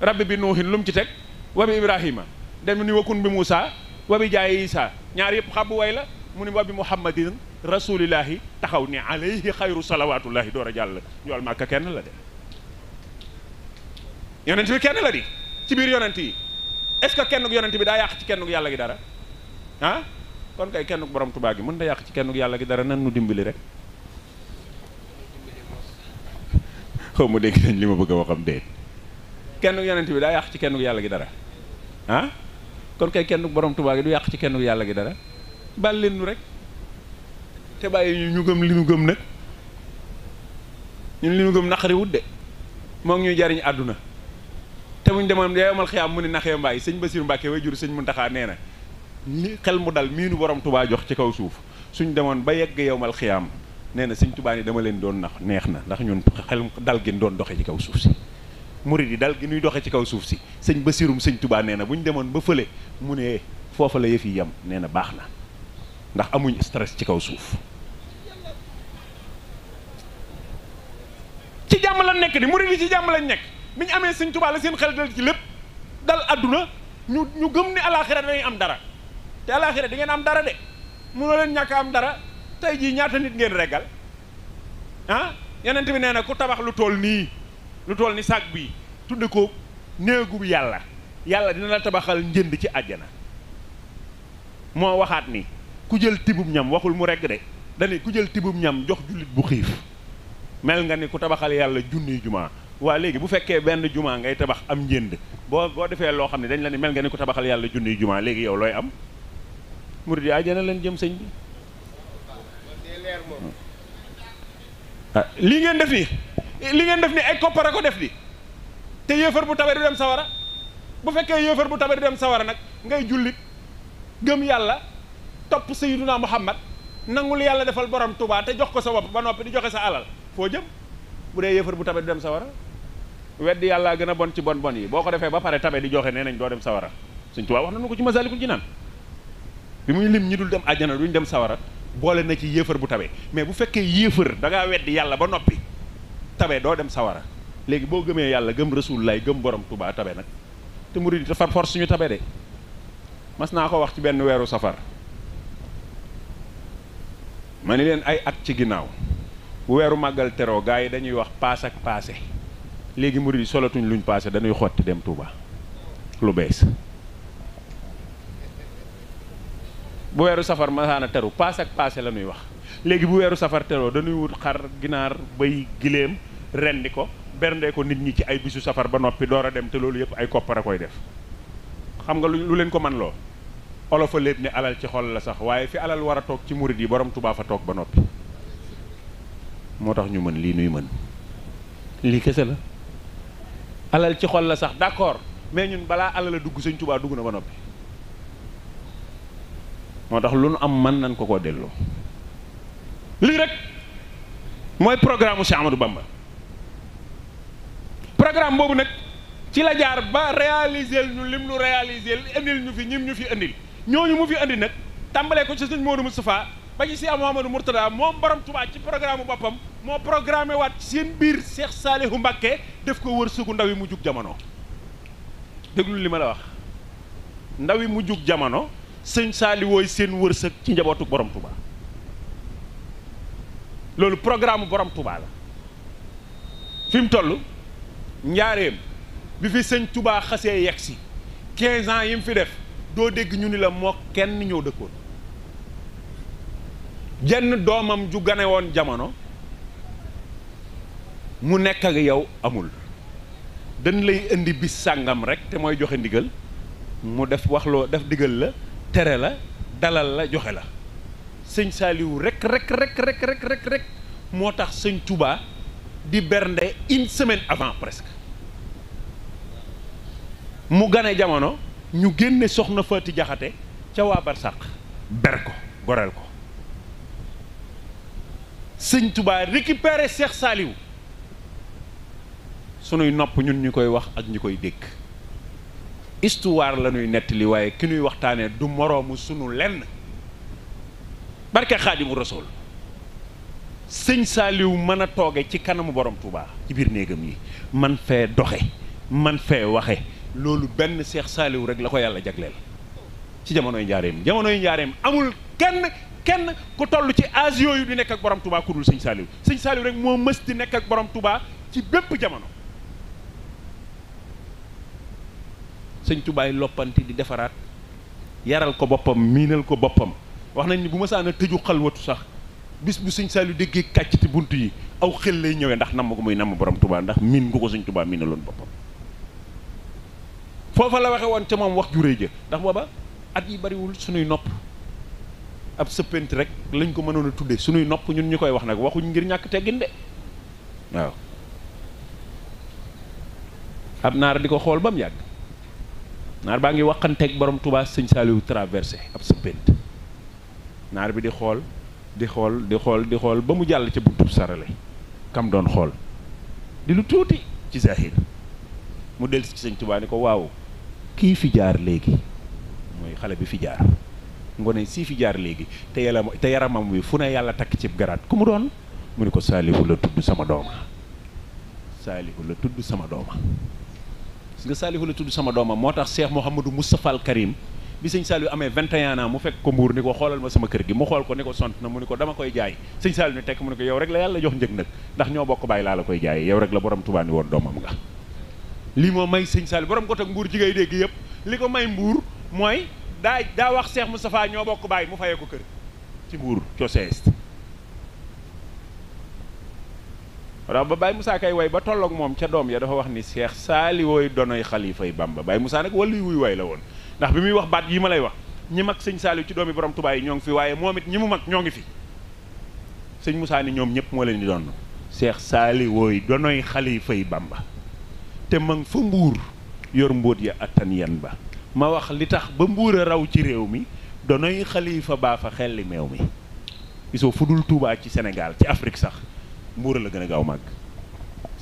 rabbi bi nuuhin lu mu ci teg wa bi ibrahima dem ni wa bi jaaye ñaar yëpp xab way la mu ni wa bi muhammadin rasulillahi taxaw ni alayhi xayru salawaatullahi door a jàll njool màkka kenn la de yonent bi kenn la di ci biir yonent yi est-ce que kennuk yonent bi daa yàq ci kennuk yàlla gi dara ah kon kay kennuk borom tubaa gi mën da yàq ci kennuk yàlla gi dara nan dimbali rek xaw ma dégg nañ li bëgg a waxam déet kennuk yonent bi daa yàq ci kennuk yàlla gi dara ah kon kay tubaa gi du yàq ci kennuk yàlla gi dara bàl leen nu rek te bàyyi ñu ñu gëm li ñu gëm nag ñun li ñu gëm naqariwut de moo ngi ñuy jariñ àdduna te muñ demoon yemal xiyaam mu ne naxee mbaay sëñ Basiru Mbàkke way jur sëñ Muntaxa nee na li dal miinu borom tubaa jox ci kaw suuf suñ demoon ba yegg yowmal xiyaam nee na sëñ tubaa ni dama leen doon nax na ndax ñun xel dal gi doon doxee ci kaw suuf si murid yi dal gi ci kaw suuf si sëñ Basirum sëñ nee na bu ñu demoon ba fële mu ne foofa la yëf yi yem nee na baax na ndax amuñ stress ci kaw suuf ci jàmm la nekk di murid yi ci jàmm lañ nekk bi ñu amee sëñ Tuubaa la seen xel dal ci lépp dal àdduna ñu ñu gëm ne alaaxira danañ am dara te alaaxira di ngeen am dara de mënoo leen ñàkk am dara tey jii ñaata nit ngeen reggal ah yeneen bi nee na ku tabax lu tool nii lu tool ni saag bii tudde ko néegu yàlla yàlla dina la tabaxal njënd ci àjjana moo waxaat ni ku jël tibum ñam waxul mu reg de dani ku jël tibum ñam jox julit bu xif mel nga ni ku tabaxal yalla junniy juma wa legi bu fekke ben juma ngay tabax am njënd bo bo defé lo xamni dañ la ni mel nga ni ku tabaxal yalla junniy juma legi yow loy am murid ya jena jem jëm señ bi ah, li ngeen def ni li ngeen def ni ay copara ko def di te yeufar bu tabe dem sawara bu ke yeufar bu tabe dem sawara nak ngay julit gem yalla topp Sayyiduna Muhammad nangul yàlla defal borom tubaa te jox ko sa bopp ba noppi di joxe sa alal foo jëm bu dee yëfar bu tabe du dem sawara weddi yàlla a gën a bon ci bon bon yi boo ko defee ba pare tabe di joxe nee nañ doo dem sawara Sëñ Tuubaa wax nañu ko ci Masaalikul Jinaan bi muy lim ñi dul dem àjjana duñ dem sawara boole na ci yéefar bu tabe mais bu fekkee yéefar da ngaa weddi yàlla ba noppi tabe doo dem sawara léegi boo gëmee yàlla gëm rasul lay gëm borom Tuubaa tabe nag te murid yi far force suñu tabe de mas naa ko wax ci benn weeru safar ma ni leen ay at ci ginnaaw bu weeru màggal teroo gars yi dañuy wax paas ak paase léegi mu yi solatuñ luñ paase dañuy xotti dem Touba lu bees bu weeru safar masaana teru paas ak paase la ñuy wax léegi bu weeru safar teroo dañuy wut xar ginaar bay giléem rendi ko berndee ko nit ñi ci ay bisu safar ba noppi door a dem te loolu yëpp ay koppar a koy def xam nga lu leen ko man loo olofa lépp ne alal ci xol la sax waye fi alal wara tok ci mouride yi borom tubaa fa tok ba nopi motax ñu mën li nuy mën li kessa la alal ci xol la sax d'accord mais ñun bala alal a dugg sëñ tubaa dugg na ba nopi motax lu am man nañ ko ko delloo li rek moy programme Amadou Bamba programme bobu nak ci la jaar ba réaliser ñu lim nu réaliser andil ñu fi ñim ñu fi andil ñooñu mu fi andi nag tàmbalee ko ci sëñ Modou Moustapha ba si Cheikh Mouhamadou Mourtada moom borom Touba ci programme boppam moo programmé waat seen biir Cheikh Salihu Mbacké def ko wërsëgu ndaw yi mu jug jamono. déglu li ma la wax ndaw yi mu jug jamono sëñ Saliou wooy seen wërsëg ci njabootu borom Touba loolu programme borom Touba la fi mu toll njaareem bi fi sëñ Touba xasee yegg si 15 ans yi mu fi def. doo dégg ñu ni la moo kenn ñoo dëkkoon jenn doomam ju gane woon jamono mu nekk ak yow amul dañ lay indi bis sàngam rek te mooy joxe ndigal mu def waxloo def digal la tere la dalal la joxe la sëñ Saaliw rek rek rek rek rek moo tax sëñ Touba di bernde une semaine avant presque mu gane jamono ñu génne soxna Faati Jaxate ca waa barsàq ber ko goreel ko sëñ Tuubaa récupéré Seex Saaliw sunuy nopp ñun ñu koy wax ak ñu koy dégg istuwaar la ñuy nettali waaye ki ñuy waxtaanee du moroomu sunu lenn barke Xaadimu Rasuul sëñ Saaliw mën a tooge ci kanamu borom Tuubaa ci biir néegam yi man fee doxe man fee waxe loolu benn Seex Saaliw rek la ko yàlla jagleel ci jamonoy njaareem jamonoy njaareem amul kenn kenn ku toll ci âge yooyu di nekk ak borom tubaa ku dul sëñ Saaliw sëñ Saaliw rek moo mës di nekk ak borom tubaa ci bépp jamono sëñ tubaay yi loppanti di defaraat yaral ko boppam miinal ko boppam wax nañ ni bu ma saan a tëju xalwatu sax bis bu sëñ Saaliw déggee kàcc ci bunt yi aw xel lay ñëwee ndax namm ko muy namm borom tubaa ndax miin nga ko sëñ Touba miinaloon boppam foofa la waxe won ci mom wax ju je ndax baba at yi wul suñuy nopp ab sëppenti rek lañ ko mënon tuddé suñuy nopp ñun ñukoy wax nak waxu ngir ñak teggin de waaw ab naar di xol bam yag mu yàgg naar baa ngi waxanteeg borom Touba seigne Saliou traversé ab sëppent naar bi di xol di xol di xol di xol ba mu jall ci buntu sarale kam doon xol di lu tuti ci zahir mu del ci seigne Touba ni ko waaw kii fi jaar léegi mooy xale bi fi jaar ngone sii fi jaar léegi te yàlla te yaramam wi fu ne yàlla takk cib garaat ku mu doon mu ne ko saalihu la tudd sama dooma saalihu la tudd sama dooma gis nga saalihu la tudd sama dooma moo tax Cheikh Mouhamadou Moustapha al Karim bi sëñ Saalihu amee 21 ans mu fekk ko mbuur ni ko xoolal ma sama kër gi mu xool ko ni ko sont na mu ni ko dama koy jaay sëñ Saalihu ne tekk mu ne ko yow rek la yàlla jox njëg nag ndax ñoo bokk bàyyi laa la koy jaay yow rek la borom Tuubaa ni woon nga lii moo may sëñ Saliou borom ko tak mbuur jigéey dégg yëpp li ko may mbuur mooy daa daa wax seex Cheikh Moustapha ñoo bokk bàyyi mu fayee ko kër ci mbuur cosees waaw ba Baye Moussa kay way ba tolloog moom ca doom ya dafa wax ni Cheikh saali wooy donoy xalifay Bamba Baye Moussa nag wala wuy way la woon ndax bi muy wax baat yi ma lay wax ñi mag sëñ Saliou ci doomi borom Tuubaa yi ñoo ngi fi waaye moom it ñi mu mag ñoo ngi fi sëñ Moussa ni ñoom ñëpp moo leen di doon Cheikh Saliou wooy donoy xalifay Bamba te ma nga fa mbuur yor mbóot ya attan yan ba ma wax li tax ba mbuur a raw ci réew mi donoy xalifa baa fa xelli meew mi gisoo fu dul Touba ci Sénégal ci Afrique sax mbuur la gën a gaaw màgg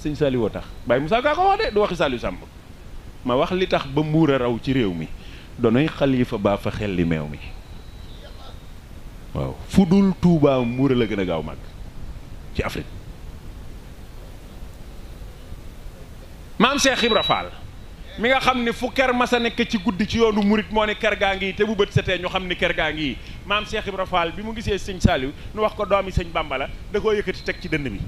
sëñ Saliou tax Baye Moussa Ka ko wax de du waxi Saliou Samb ma wax li tax ba mbuur a raw ci réew mi donoy xalifa baa fa xelli meew mi waaw fu dul Touba mbuur la gën a gaaw màgg ci Afrique maam Cheikh Ibra Fall mi nga xam ne fu ker sa nekk ci guddi ci yoonu murit moo ne ker gaa ngi te bu bët setee ñu xam ne ker gaa ngi maam Cheikh Ibra Fall bi mu gisee sëñ Saliou nu wax ko doomi sëñ Bamba la da koo yëkkati teg ci dënn bi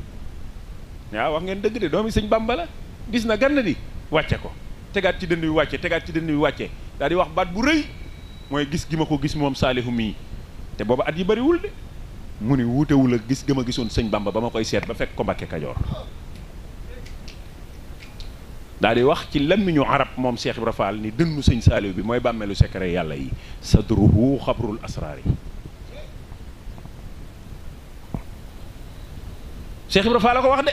waaw wax ngeen dëgg de doomi sëñ Bamba la gis na gann di wàcce ko tegaat ci dënn bi wàcce tegaat ci dënn bi wàcce daal di wax baat bu rëy mooy gis gi ma ko gis moom Saliou mii te booba at yi bëriwul de mu ni wuutewul ak gis gi ma gisoon sëñ Bamba ba ma koy seet ba fekk ko Mbàkke Kajoor dal di wax ci lamiñu arab mom Cheikh ibrahim Fall ni deñu seigne salew bi moy bamelu secret yàlla yi sadruhu khabrul asrar Cheikh ibrahim Fall ko wax de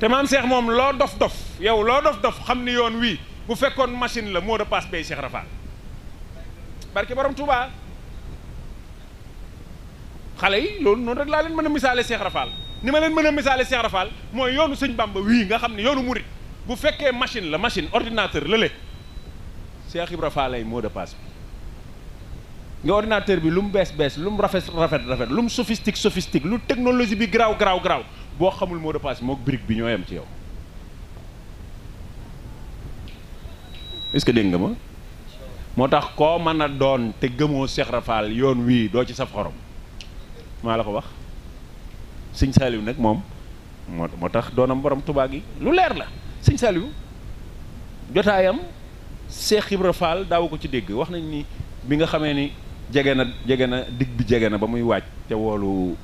te maam Cheikh mom lo dof-dof yow lo dof-dof xamni yon wi bu fekkon machine la mot de passe bay Cheikh Ibra barki borom Touba xale yi lolou non rek la len meuna misale Cheikh Ibra ni ma leen mën a misaale Cheikh Rafal mooy yoonu sëñ Bamba wii nga xam ne yoonu murit bu fekkee machine la machine ordinateur la lé Cheikh Ibra Fall lay bi nga ordinateur bi lu mu bees bees lu mu rafet rafet rafet lu mu sophistique sophistique lu technologie bi garaaw garaaw garaaw boo xamul mot de passe mook brique bi ñoo yem ci yow est-ce que dégg nga ma moo tax koo mën a doon te gëmoo Cheikh Rafal yoon wii doo ci saf xorom maa la ko wax sëñ Saliou nag moom moo moo tax doonam borom tubaak yi lu leer la sëñ Saliou jotaayam Cheikh Ibra Fall daaw ko ci dégg wax nañ ni bi nga xamee ni jege na jege na digg bi jege na ba muy waaj te woolu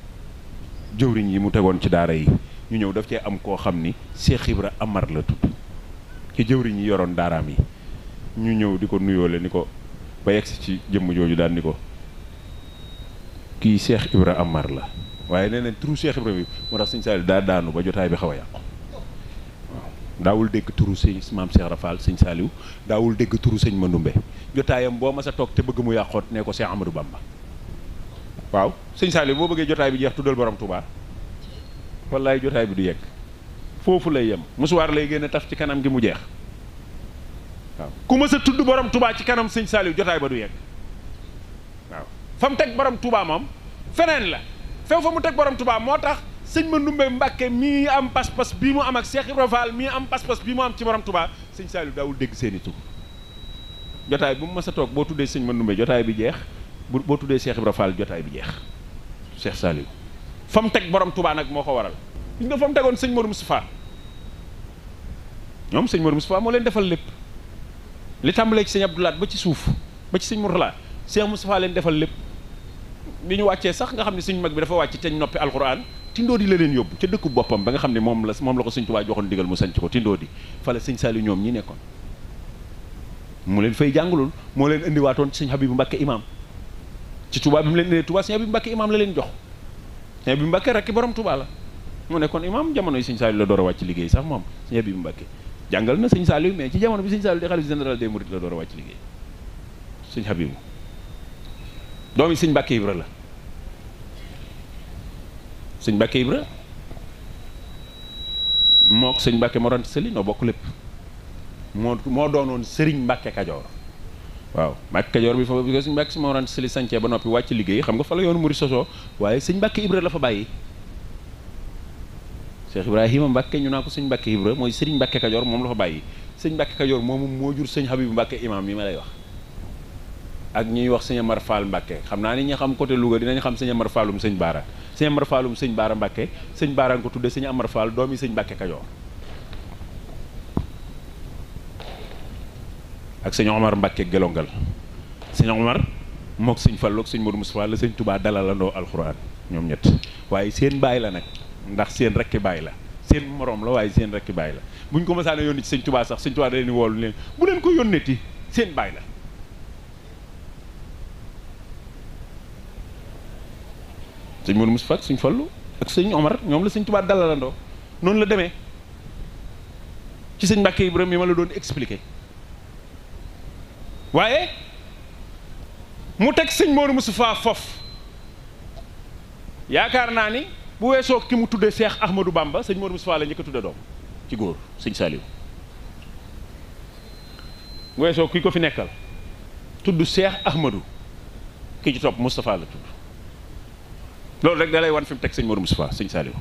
jëwriñ yi mu tegoon ci daara yi ñu ñëw daf cee am koo xam ni Cheikh Ibra Amar la tudd ci jëwriñ yi yoroon daaraam yi ñu ñëw di ko nuyoo nuyoole ni ko ba yegsi ci jëmm jooju daan ni ko kii Cheikh Ibra Amar la waaye leneen turu Cheikh Ibrahima moo tax sëñ Saliou daa daanu ba jotaay bi xaw a yàqu waaw daawul dégg turu sëñ maam Cheikh Rafal sëñ Saliou daawul dégg turu sëñ Mandoumbe jotaayam boo mas a toog te bëgg mu yàqoot ne ko Cheikh Amadou Bamba waaw sëñ Saliou boo bëggee jotaay bi jeex tuddal borom tubaa wallaay jotaay bi du yegg foofu lay yem musuwaar lay génn taf ci kanam gi mu jeex waaw ku mës tudd borom tubaa ci kanam sëñ Saliou jotaay ba du yegg waaw teg borom Touba moom feneen la few fa mu teg borom Touba moo tax sëñ Mandoumbe Mbàkke mii am pas-pas bii mu am ak Cheikh Ibra Fall mii am pas-pas bii mu am ci borom Touba sëñ Saliou daawul dégg seen i tur jotaay bu mu mës a toog boo tuddee sëñ Mandoumbe jotaay bi jeex bu boo tuddee Cheikh Ibra Fall jotaay bi jeex Cheikh Saliou fa mu teg borom tubaa nag moo ko waral gis nga fa mu tegoon sëñ Modou Moustapha ñoom sëñ Modou Moustapha moo leen defal lépp li tàmbalee ci sëñ Abdoulaat ba ci suuf ba ci sëñ Mourtala Cheikh Moustapha leen defal lépp bi ñu wàccee sax nga xam ne suñ mag bi dafa wàcc te ñu noppi alxuraan tindoo di la leen yóbbu ca dëkku boppam ba nga xam ne moom la moom la ko suñ tubaa joxoon digal mu sanc ko tindoo di fala sëñ Saliou ñoom ñi nekkoon mu leen fay jàngalul moo leen indiwaatoon ci sëñ Habibu Mbàkke imaam ci tubaa bi mu leen ne tubaa sëñ Habibu Mbàkke imaam la leen jox sëñ Habibu Mbàkke rakki borom tubaa la mu nekkoon imaam jamono yi sëñ Saliou la door a wàcc liggéey sax moom sëñ Habibu Mbàkke jàngal na sëñ Saliou mais ci jamono bi sëñ Saliou di général des mourides la door a wàcc liggéey sëñ Habibu doomi sëñ Mbàkke la sëñ Mbàkke Ibra mook sëñ Mbàkke Mor Anta noo bokk lépp moo moo doonoon sëriñ Mbàkke Kajoor waaw Mbàkke Kajoor bi fa bi ko sëñ Mbàkke si Mor sancee ba noppi wàcc liggéey xam fa la yoonu muri sosoo waaye sëñ Mbàkke Ibra la fa bàyyi Cheikh Ibrahima Mbàkke ñu naa ko sëñ Mbàkke Ibra mooy sëriñ Mbàkke Kajoor moom la fa bàyyi sëñ Mbàkke Kajoor moomu moo jur sëñ Habibu Mbàkke imam yi ma lay wax ak ñuy wax sëñ Amar Fall Mbacke xam naa ni ñi xam côté Louga dinañ xam sëñ Amar Fallum sëñ Baara sëñ Amar Fallum sëñ Baara sañ sëñ Baara ko tudde sëñ Amar Fall doomi sëñ Mbacke Kajoor ak sëñ Omar Mbacke Gelongal sëñ Omar mook sëñ Fallu ak sëñ Modou Moustapha la sëñ Touba dalalandoo alxuraan ñoom ñett waaye seen bàyyi la nag ndax seen rekki baay la seen morom la waaye seen rekki baay la ñu ko mësaana yónni ci sëñ Touba sax sëñ Touba da leen bu leen ko yónneeti seen baay la sëñ Modou Moustapha sëñ Fallou ak sëñ Omar ñoom la sëñ Tuubaa dalalandoo noonu la demee ci sëñ Mbàkke Ibrahima yi ma la doon expliqué waaye mu teg sëñ Modou Moustapha fof yaakaar naa ni bu weesoo ki mu tuddee Seex Ahmadou Bamba sëñ Modou Moustapha la njëkk a tudde doom ci góor sëñ Saliou bu weesoo ki ko fi nekkal tudd Seex Ahmadou ki ci topp Moustapha la tudd loolu rek dalay lay wan fi mu teg sëñ Modou Moustapha sëñ Saliou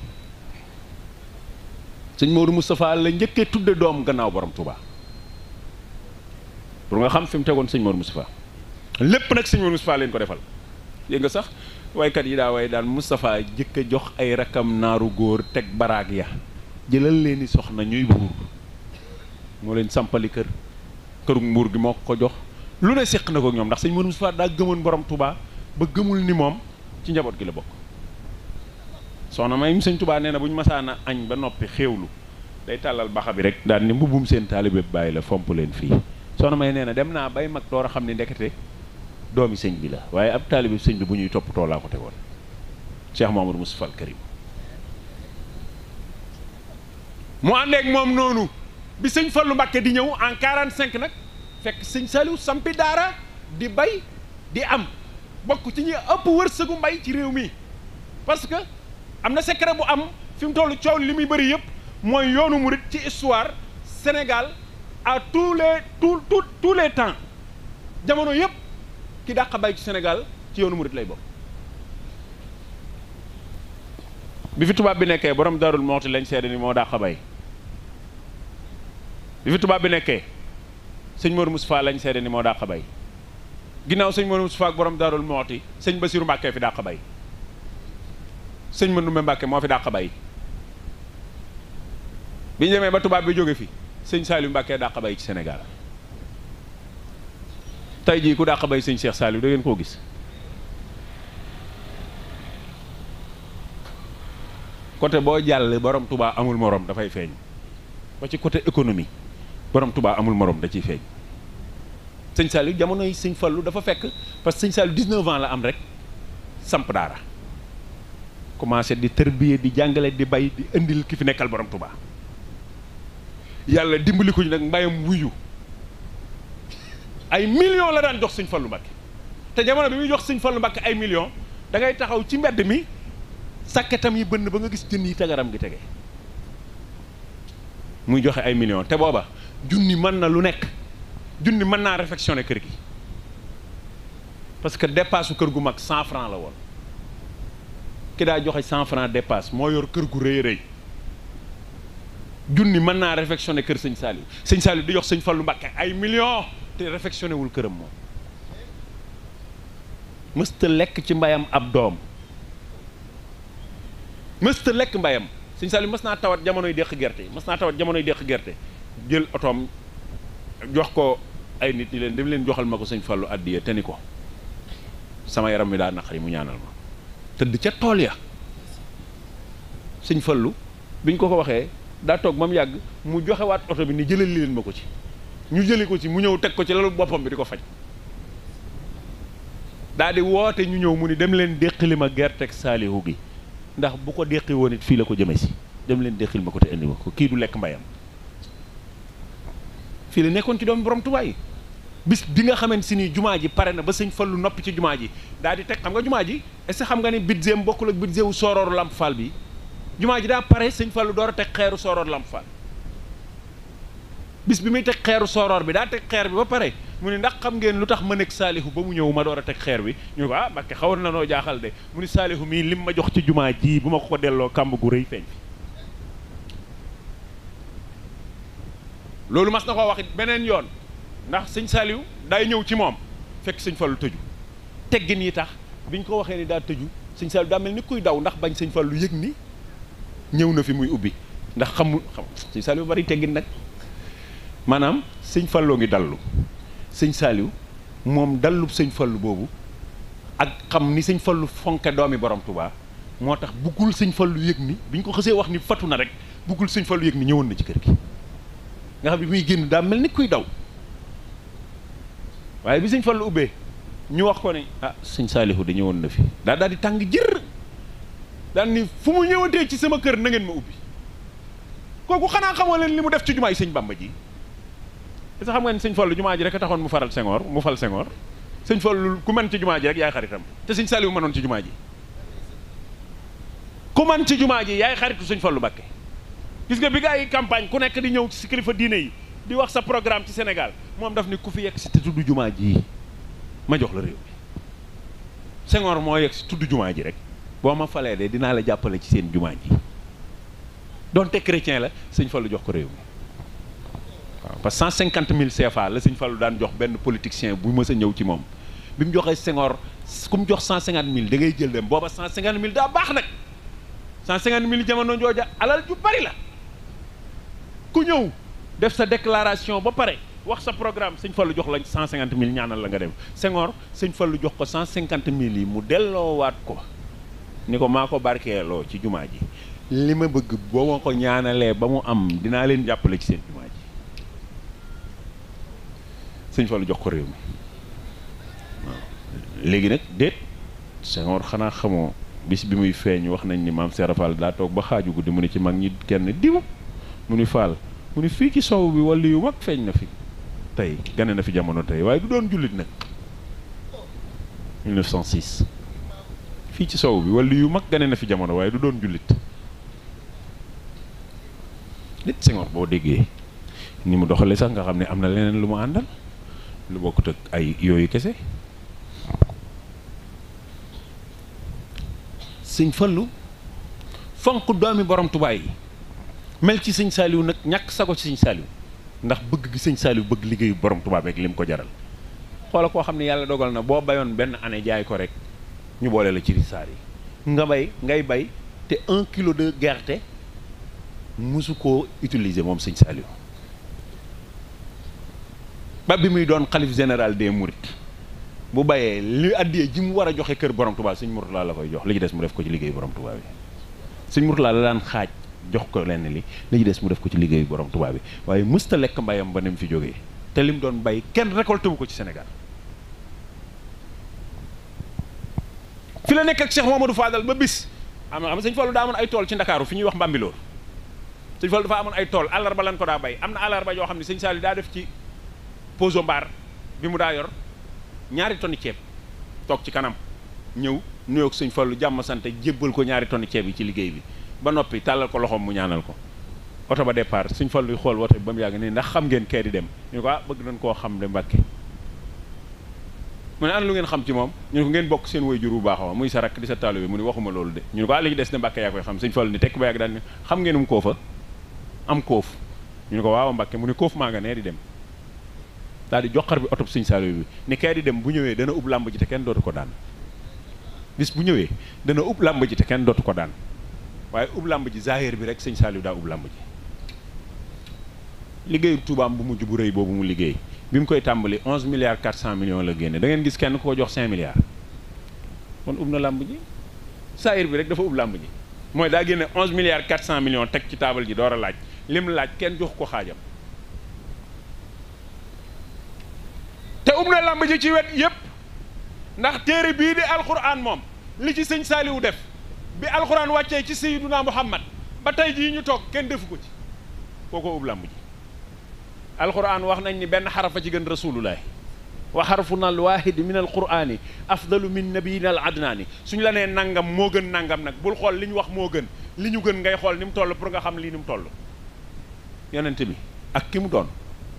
sëñ Modou Moustapha la njëkke tudde doom gannaaw borom Touba pour nga xam fi mu tegoon sëñ Modou Moustapha lépp nag sëñ Modou Moustapha leen ko defal yéeg sax waykat yi daa way daan Moustapha jëkk a jox ay rakam naaru góor teg baraag ya jëlal leen i soxna ñuy buur moo leen sampali kër kërug mbuur gi moo ko jox lu ne seq na ko ñoom ndax sëñ Modou Moustapha daa gëmoon borom Touba ba gëmul ni moom ci njaboot gi la bokk soxna may mu sëñ tubaa nee na bu ñu masaana añ ba noppi xéewlu day tàllal baxa bi rek daal ni mbubbum seen taalibe bàyyi la fomp leen fii soxna may nee na dem naa bay mag door a xam ni ndekete doomi sëñ bi la waaye ab taalibe sëñ bi bu ñuy toppatoo laa ko tegoon Cheikh Mouhamadou Moustapha al Karim mu àndeek moom noonu bi sëñ Fallou Mbacké di ñëw en 45 nag fekk sëñ Saliou sampi daara di bay di am bokk ci ñi ëpp wërsëgu mbay ci réew mi parce que am na secret bu am fi mu toll coow li muy bëri yëpp mooy yoonu murit ci histoire Sénégal à tous les tout tout les temps jamono yëpp ki dàq bay ci Sénégal ci yoonu murit lay bokk. bi fi tubaab bi nekkee borom darul moxti lañ seede ni moo dàq bay bi fi tubaab bi nekkee sëñ Mor Moustapha lañ seede ni moo dàq bay ginnaaw sëñ Mor Moustapha ak borom darul moxti sëñ Basiru Mbàkke fi dàq bay. sëñ Mandoumbe Mbàkke moo fi dàq bay bi ñu ba tubaab bi jóge fi sëñ Saliou Mbàkke dàq bay ci senegal tey jii ku dàq bay sëñ Cheikh Saliou da ngeen koo gis côté boo jàll borom tubaa amul moroom dafay feeñ ba ci côté économie borom tubaa amul moroom da ciy feeñ sëñ Saliou jamonoy sëñ falu dafa fekk parce que sëñ dis 19 ans la am rek samp daara commencé di tërbiye di jàngale di bay di indil ki fi nekkal boroom Touba yàlla dimbali ko ñu nag mbayam wuyu ay millions la daan jox Sëñ lu Mbàkke te jamono bi muy jox Sëñ Fallu Mbàkke ay million da ngay taxaw ci mbedd mi sàkketam yi bënn ba nga gis jën yi tagaram gi tege muy joxe ay millions te booba junni mën na lu nekk junni mën naa réfectionné kër gi parce que dépasse kër gu mag cent franc la woon ki daa joxe cent franc dépasse moo yor kër gu rëy rëy junni mën naa réfectionné kër sëñ Saliou sëñ Saliou di jox sëñ fallu Mbacké ay millions te réfectionné wul këram moom mësta lekk ci mbayam ab doom mësta lekk mbayam sëñ Saliou mës naa tawat jamonoy deq gerte mës naa tawat jamonoy deq gerte jël otoom jox ko ay nit ñi leen dem leen joxal ma ko sëñ Fallou addiya te ni ko sama yaram mi daa naqari mu ñaanal ma tëdd ca tool ya sëñ fallu biñ ko ko waxee daa toog ba mu yàgg mu joxewaat oto bi ni jëlal leen ma ko ci ñu jëli ko ci mu ñëw teg ko ci lalu boppam bi di ko faj daa di woote ñu ñëw mu ni dem leen déqali ma gerteeg saalihu gi ndax bu ko déqi woon it fii la ko jëme si dem leen déqil ma ko te indi ma ko kii du lekk mbayam fii la nekkoon ci doom borom tubaay bis bi nga xamante ni jumaa ji pare na ba sëñ lu noppi ci jumaa ji daal di teg xam nga jumaa ji est-ce xam nga ni budget bokkul ak budget wu soorooru Lamp Fall bi jumaa ji daa pare sëñ Fallu door a teg xeeru sooroor Lamp Fall bis bi muy teg xeeru sooroor bi daa teg xeer bi ba pare mu ne ndax xam ngeen lu tax ma nekk saalihu ba mu ñëw ma door a teg xeer bi ñu ko ah Mbàkke xaw na noo jaaxal de mu ni saalihu mii lim ma jox ci jumaa ji bu ma ko delloo kàmb gu rëy feeñ loolu mas na koo wax beneen yoon ndax sëñ Saliou daay ñëw ci moom fekk sëñ Fallou tëju teggin yi tax biñ ko waxee ni daa tëju sëñ Saliou daa mel ni kuy daw ndax bañ sëñ Fallou yëg ni ñëw na fi muy ubbi ndax xamul xam sëñ Saliou bari teggin nag maanaam sëñ Fallou ngi dallu sëñ Saliou moom dallu sëñ Fallou boobu ak xam ni sëñ Fallou fonke doomi borom tubaa moo tax buggul sëñ Fallou yëg ni biñ ko xësee wax ni fatu na rek buggul sëñ Fallou yëg ni ñëwoon na ci kër gi nga xam ne muy génn daa mel ni kuy daw waaye bi sëñ Fallu ubbee ñu wax ko ni ah suñ Saalihu di ñëwoon na fi daal daal di tàng jër daan ni fu mu ñëwatee ci sama kër nangeen ngeen ma ubbi kooku xanaa xamoo leen li mu def ci jumaay sëñ Bamba ji est-ce que fol nga ni sëñ jumaa ji rek a taxoon mu faral Senghor mu fal Senghor sëñ Fallu ku man ci jumaa ji rek yaay xaritam te suñ Saalihu manoon ci jumaa ji ku man ci jumaa ji yaay xaritu sëñ Fallu Mbàkke gis nga bi gaa yi campagne ku nekk di ñëw ci kilifa diine di wax sa programme ci Sénégal mom daf ni kou fi yegg ci tuddu tudd ji ma jox la rew mi Senghor mo yegg ci tuddu jumaa ji rek bo ma falé de dina la jappalé ci sen jumaa ji té chrétien la Seigne Fallou jox ko rew mi waaw parce que CFA la Seigne Fallou daan jox ben politicien bu mësa a ñëw ci mom bi joxé Senghor kum jox 150000 da ngay jël dem boba 150000 da bax nak 150000 jamono jojja alal ju bari la ku ñëw. def sa déclaration ba pare wax sa programme sëñ Fallou jox lañ cent cinquante mille ñaanal la nga dem Senghor sëñ Fallou jox ko cent cinquante mille yi mu waat ko ni ko maa ko barkeeloo ci jumaa ji li ma bëgg boo ma ko ñaanalee ba mu am dinaa leen jàppale ci seen jumaa ji sëñ Fallou jox ko réew mi waaw léegi nag déet Senghor xanaa xamoo bis bi muy feeñ wax nañ ni maam Serap Fall daa toog ba xaaju guddi mu ne ci mag ñi kenn diw mu ni Fall. mu ni fii ci sow bi wala yu mag feeñ na fi tey gane na fi jamono tey waaye du doon jullit nag 1906 fii ci sow bi wala yu mag gane na fi jamono waaye du doon jullit nit Senghor boo déggee ni mu doxale sax nga xam ne am na leneen lu mu àndal lu bokkut ak ay yooyu kese sëñ Fallu fonk doomi borom tubaay yi mel ci sëñ Saliou nag ñàkk sago ci sëñ Saliou ndax bëgg gi sëñ Saliou bëgg liggéeyu borom Tuubaa beeg lim ko jaral xoola koo xam ne yàlla dogal na boo bayoon benn année jaay ko rek ñu boole la ci risaar yi nga bay ngay bay te un kilo de gerte mosu koo utiliser moom sëñ Saliou ba bi muy doon xalif général des Mourides bu bayee li addiyee ji mu war a joxe kër borom Tuubaa sëñ Mourtala la koy jox li ci des mu def ko ci liggéeyu borom Tuubaa bi sëñ la daan xaaj jox ko lenn li li ci des mu def ko ci liggéey borom Tuubaa bi waaye mësta lekk mbayam ba ne mu fi jógee te lim doon bay kenn récolté wu ko ci senegal fi la nekk ak Cheikh Mamadou Fadal ba bis am am sëñ Fallou daa amoon ay tool ci Ndakaaru fi ñuy wax Mbambilor sëñ Fallou dafa amoon ay tool àllarba lan ko daa bay am na ba joo xam ne sañ Saliou daa def ci poso mbaar bi mu daa yor ñaari tonni ceeb toog ci kanam ñëw nuyoog sëñ Fallou jàmm sante jébbal ko ñaari tonni ceeb yi ci liggéey bi ba noppi tàllal ko loxoom mu ñaanal ko oto ba départ suñ fa luy xool woto ba mu yàgg nii ndax xam ngeen kee di dem ñu ko ah bëgg nañ koo xam de Mbàkke mu ne ana lu ngeen xam ci moom ñu ne ko ngeen bokk seen woy jur bu baax wa muy sa rakk di sa taalu bi mu ne waxuma loolu de ñu ne ko ak ah, li ci des ne Mbàkke yaa koy xam suñ fa lu ni tekk ba yàgg daan xam ngeen um koofa am koof ñu ne ko waaw Mbàkke mu ne koof maa nga nee di dem daal di joxar bi oto bi suñ saalo bi ni kay di dem bu ñëwee dana ub làmb ji te kenn dootu ko daan bis ñëwee dana ub làmb kenn dootu ko daan waaye ub làmb ji zahir bi rek sëñ Saliou daa ub làmb ji liggéeyu tubaam bu mujj bu rëy boobu mu liggéey bi mu koy tàmbali 11 milliards 400 millions la génne dangeen ngeen gis kenn ko jox 5 milliards kon ub na làmb ji zahir bi rek dafa ub làmb ji mooy daa génne 11 milliards 400 millions teg ci taabal ji door a laaj lim laaj kenn jox ko xaajam te ub na làmb ji ci wet yépp ndax téere bii di alxuraan moom li ci sëñ Saliou def bi alquran wacce ci sayyiduna muhammad ba tay ji ñu tok ken defu ko ci koko ub lamb ji alquran wax nañ ni ben harfa ci gën rasulullah wa al wahid min alqurani afdal min nabiyina al Adnani. suñ la nee nangam mo gën nangam nak bul xol liñ wax mo gën liñu gën ngay xol nim toll pour nga xam li nim toll yonent bi ak ki mu doon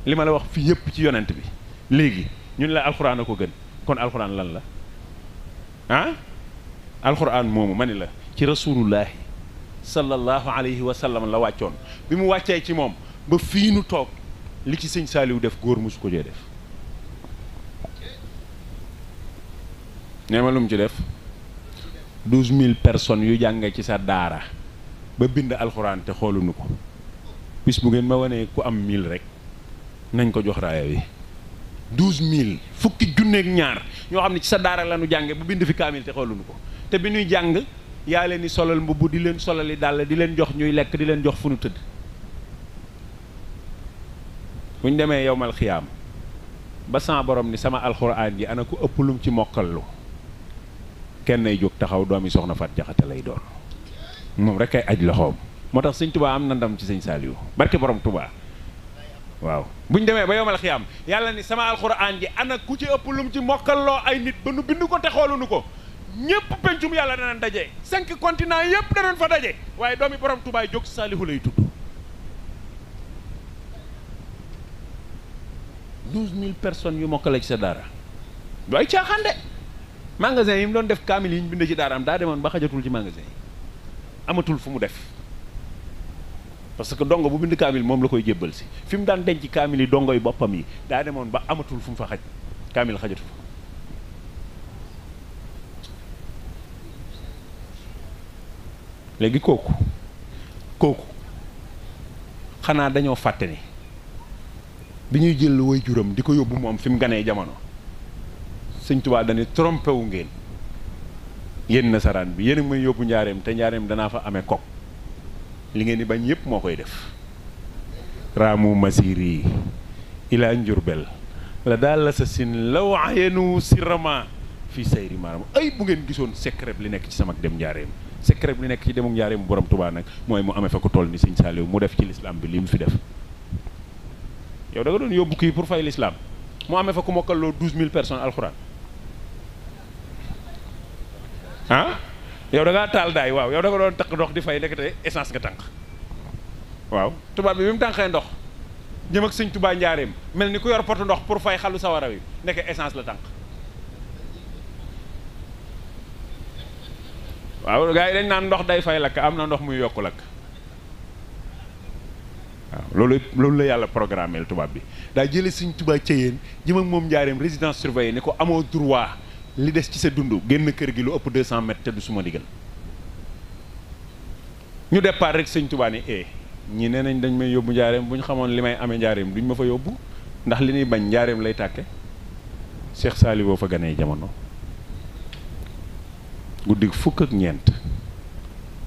li la wax fi yep ci yonent bi legi, ñun la alquran ko gën kon alquran lan la ah alquran momu manila la ci rasulullahi sallallahu alayhi wa sallam la wàccoon bi mu wàccee ci moom ba fii nu toog li ci sëñ saaliw def góor mosu ko jee def nee ci def douze mille personnes yu jàngee ci sa daara ba bind alxuraan te xooluñu ko bis bu ngeen ma wanee ku am mille rek nañ ko jox raaya wi douze mille fukki junneeg ñaar ñoo xam ne ci sa daara la nu jànge ba bind fi kaamil te xooluñu ko te bi ñuy jàng yaa leen di solal mbubb di leen solali dàll di leen jox ñuy lekk di leen jox fu nu tëdd bu ñu demee yowmal xiyaam ba sama borom ni sama alxuraan ji ana ku ëpp lum ci mokkallu kenn ay jóg taxaw doomi soxna Fat Jaxate lay doon moom rekk ay aj loxoom moo tax sëñ Tubaa am na ndam ci sëñ Saaliw barke borom Tubaa waaw bu ñu demee ba yowmal xiyaam yàlla ni sama alxuraan ji ana ku ci ëpp ci ci loo ay nit ba nu bind ko te xoolunu ko ñëpp pencum yàlla danaan daje cinq continent yëpp danañ fa daje waaye doomi borom tubaay jóg saalihu lay tudd douze mille personnes yu mokkal ci sa daara dooy caaxaan de magasin yi mu doon def kaamil yi ñu bind ci daaraam daa demoon ba xajatul ci magasin yi amatul fu mu def parce que dongo bu bind kaamil moom la koy jébbal si fi mu daan denc kaamil yi dongo yi boppam yi daa demoon ba amatul fu mu fa xaj kaamil xajatul léegi kooku kooku xanaa dañoo fàtte ni bi ñuy jël way juróom di ko yóbbu moom fi mu ganee jamono sëñ Tuubaa dañu trompé ngeen yéen nasaraan bi yéen a yóbbu njaareem te njaareem danaa fa amee kok li ngeen di bañ yépp moo koy def raamu masiri ilaa njurbel la daal la sa sin law ayenu sirama fii sayri maram ay bu ngeen gisoon secret li nekk ci sama dem njaareem secret bi nekk ci demuk njaareem borom Tuubaa nag mooy mu amee fa ku toll ni sëñ Saaliw mu def ci lislaam bi li mu fi def yow da nga doon yóbbu kii pour fay lislaam mu amee fa ku mokkal loo douze mille personnes alxuraan ah yow da ngaa taal daay waaw yow da doon takk ndox di fay ndekete essance nga tànk waaw tubaab bi bi mu tànkee ndox jëm ak sëñ Tuubaa njaareem mel ni ku yor potu ndox pour fay xalu sawara wi ndeke essence la tànk waaw gars yi dañ naan ndox day fay lakk am na ndox muy yokku lakk waaw loolu loolu la yàlla programmé tubaab bi daa jële suñ tubaab ca yéen jëm ak moom njaareem résidence surveillée ne ko amoo droit li des ci sa dund génn kër gi lu ëpp 200 mètres te du suma digal ñu départ rek sëñ tubaa ni e eh, ñi nee nañ dañ may yóbbu njaareem bu ñu xamoon li may amee njaareem duñ ma fa yóbbu ndax li ñuy bañ njaareem lay tàkke Cheikh Saliou fa ganee jamono guddi fukk ak ñeent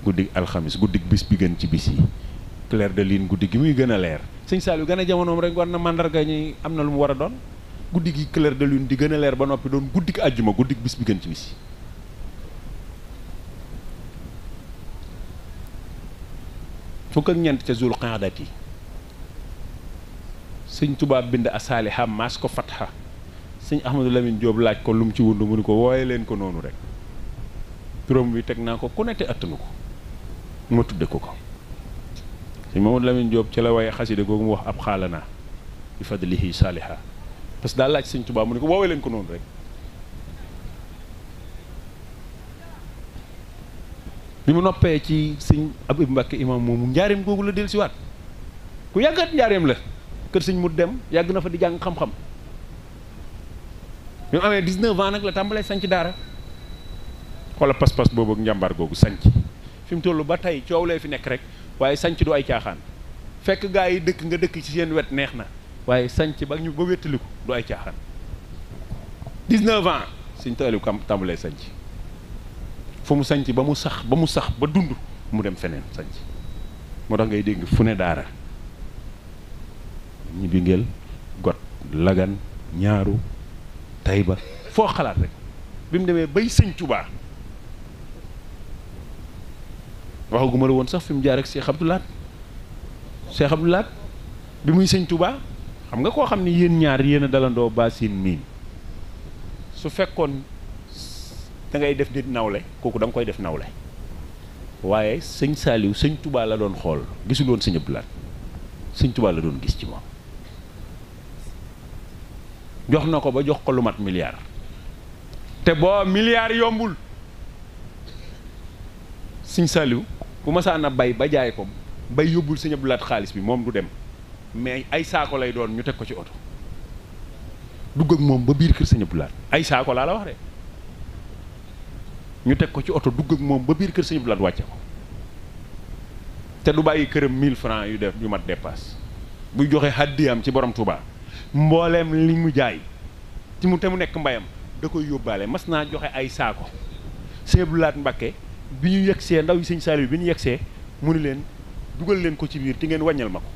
guddig alxamis guddig bis bi gën ci bis yi clair de lune guddi gi muy gën a leer sëñ Saliou gën a jamonoom rek war na mandarga ñi am na lu mu war a doon guddi gi clair de lune di gën a leer ba noppi doon guddig àjjuma guddig bis bi gën ci bis yi fukk ak ñeent ca zul qaadat yi sëñ tubaab bind a saali maas ko fatha sëñ Ahmadou Lamine Diop laaj ko lu ci wund mu ni ko wooye leen ko noonu rek turam bi teg naa ko ku nette attanu ko ma tudde ko ko si Mamadou Lamine Diop ci la waaye xaside googu mu wax ab xaalanaa bi fadlihi saaliha parce que daal laaj sëñ Tuubaa mu ne ko woowee leen ko noonu rek bi mu noppee ci sëñ Abib Mbàkke imam moomu njaareem googu la dellusiwaat ku yàggat njaareem la kër sëñ mu dem yàgg na fa di jàng xam-xam bi mu amee 19 nag la tàmbalee sañ ci daara xoola pas-pas boobu ak njàmbaar googu sanc fi mu toll ba tey coow lee fi nekk rek waaye sanc du ay caaxaan fekk gaa yi dëkk nga dëkk ci seen wet neex na waaye sanc ba ñu ba wettaliku du ay caaxaan 19 ans suñ taaliw kam tàmbalee sanc fu mu sanc ba mu sax ba mu sax ba dund mu dem feneen sanc moo tax ngay dégg fu ne daara ñi bi ngeel got lagan ñaaru tayba foo xalaat rek bi mu demee bay sëñ Tuubaa waxaguma la woon sax fi mu jaar ak Cheikh Abdou Lahad Cheikh Abdou Lahad bi muy sëñ Touba xam nga koo xam ne yéen ñaar yéen a baa basin miin su fekkoon dangay def nit nawle kooku danga koy def nawle waaye sëñ Saaliw sëñ tubaa la doon xool gisul woon sëñ Abdou sëñ Touba la doon gis ci moom jox na ko ba jox ko lu mat milliard te boo milliard yombul sëñ Saliou bu masaan a bay ba jaay ko bay yóbbul sëñ Abdou xaalis bi moom du dem mais ay saako lay doon ñu teg ko ci oto dugg ak moom ba biir kër sëñ Abdou ay saako laa la wax ñu teg ko ci oto dugg moom ba biir kër sëñ Abdou Lahad wàcce ko te du bàyyi këram 1000 francs yu def yu mat dépasse bu joxe haddiyam ci borom Touba mbooleem li mu jaay ci mu te mu nekk mbayam da koy yóbbaale mas naa joxe ay saako sëñ Abdou Lahad bi ñu yegsee ndaw yi sëñ Saliou bi ñu yegsee mu ni leen dugal leen ko ci biir te ngeen wàññal ma ko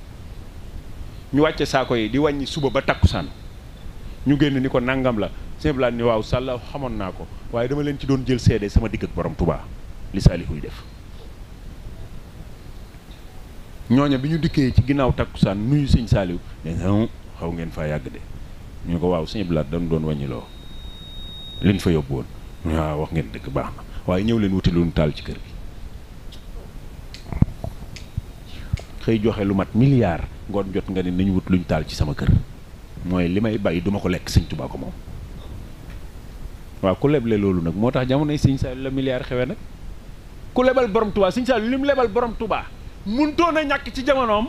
ñu wàcce saako yi di wàññi suba ba takkusaan ñu génn ni ko nangam la sëñ Blanc ni waaw sàlla xamoon naa ko waaye dama leen ci doon jël seede sama digg ak borom Touba li Saliou def ñooña bi ñu dikkee ci ginnaaw takkusaan nuyu sëñ Saliou ne xaw ngeen faa yàgg de ñu ko waaw sëñ Blanc dañu doon wàññiloo liñ fa yóbbu woon waaw wax ngeen dëkk baax waaye ñëw leen wuti lu nu taal ci kër gi xëy joxe lu mat milliard ngoon jot nga ne nañu wut luñ taal ci sama kër mooy li may bàyyi duma ko lekk sëñ Tuubaa ko moom waaw ku leble loolu nag moo tax jamonoy sëñ Saliou la milliard xewee nag ku lebal borom tubaa sëñ Saliou li mu lebal borom Tuubaa mënutoon a ñàkk ci jamonoom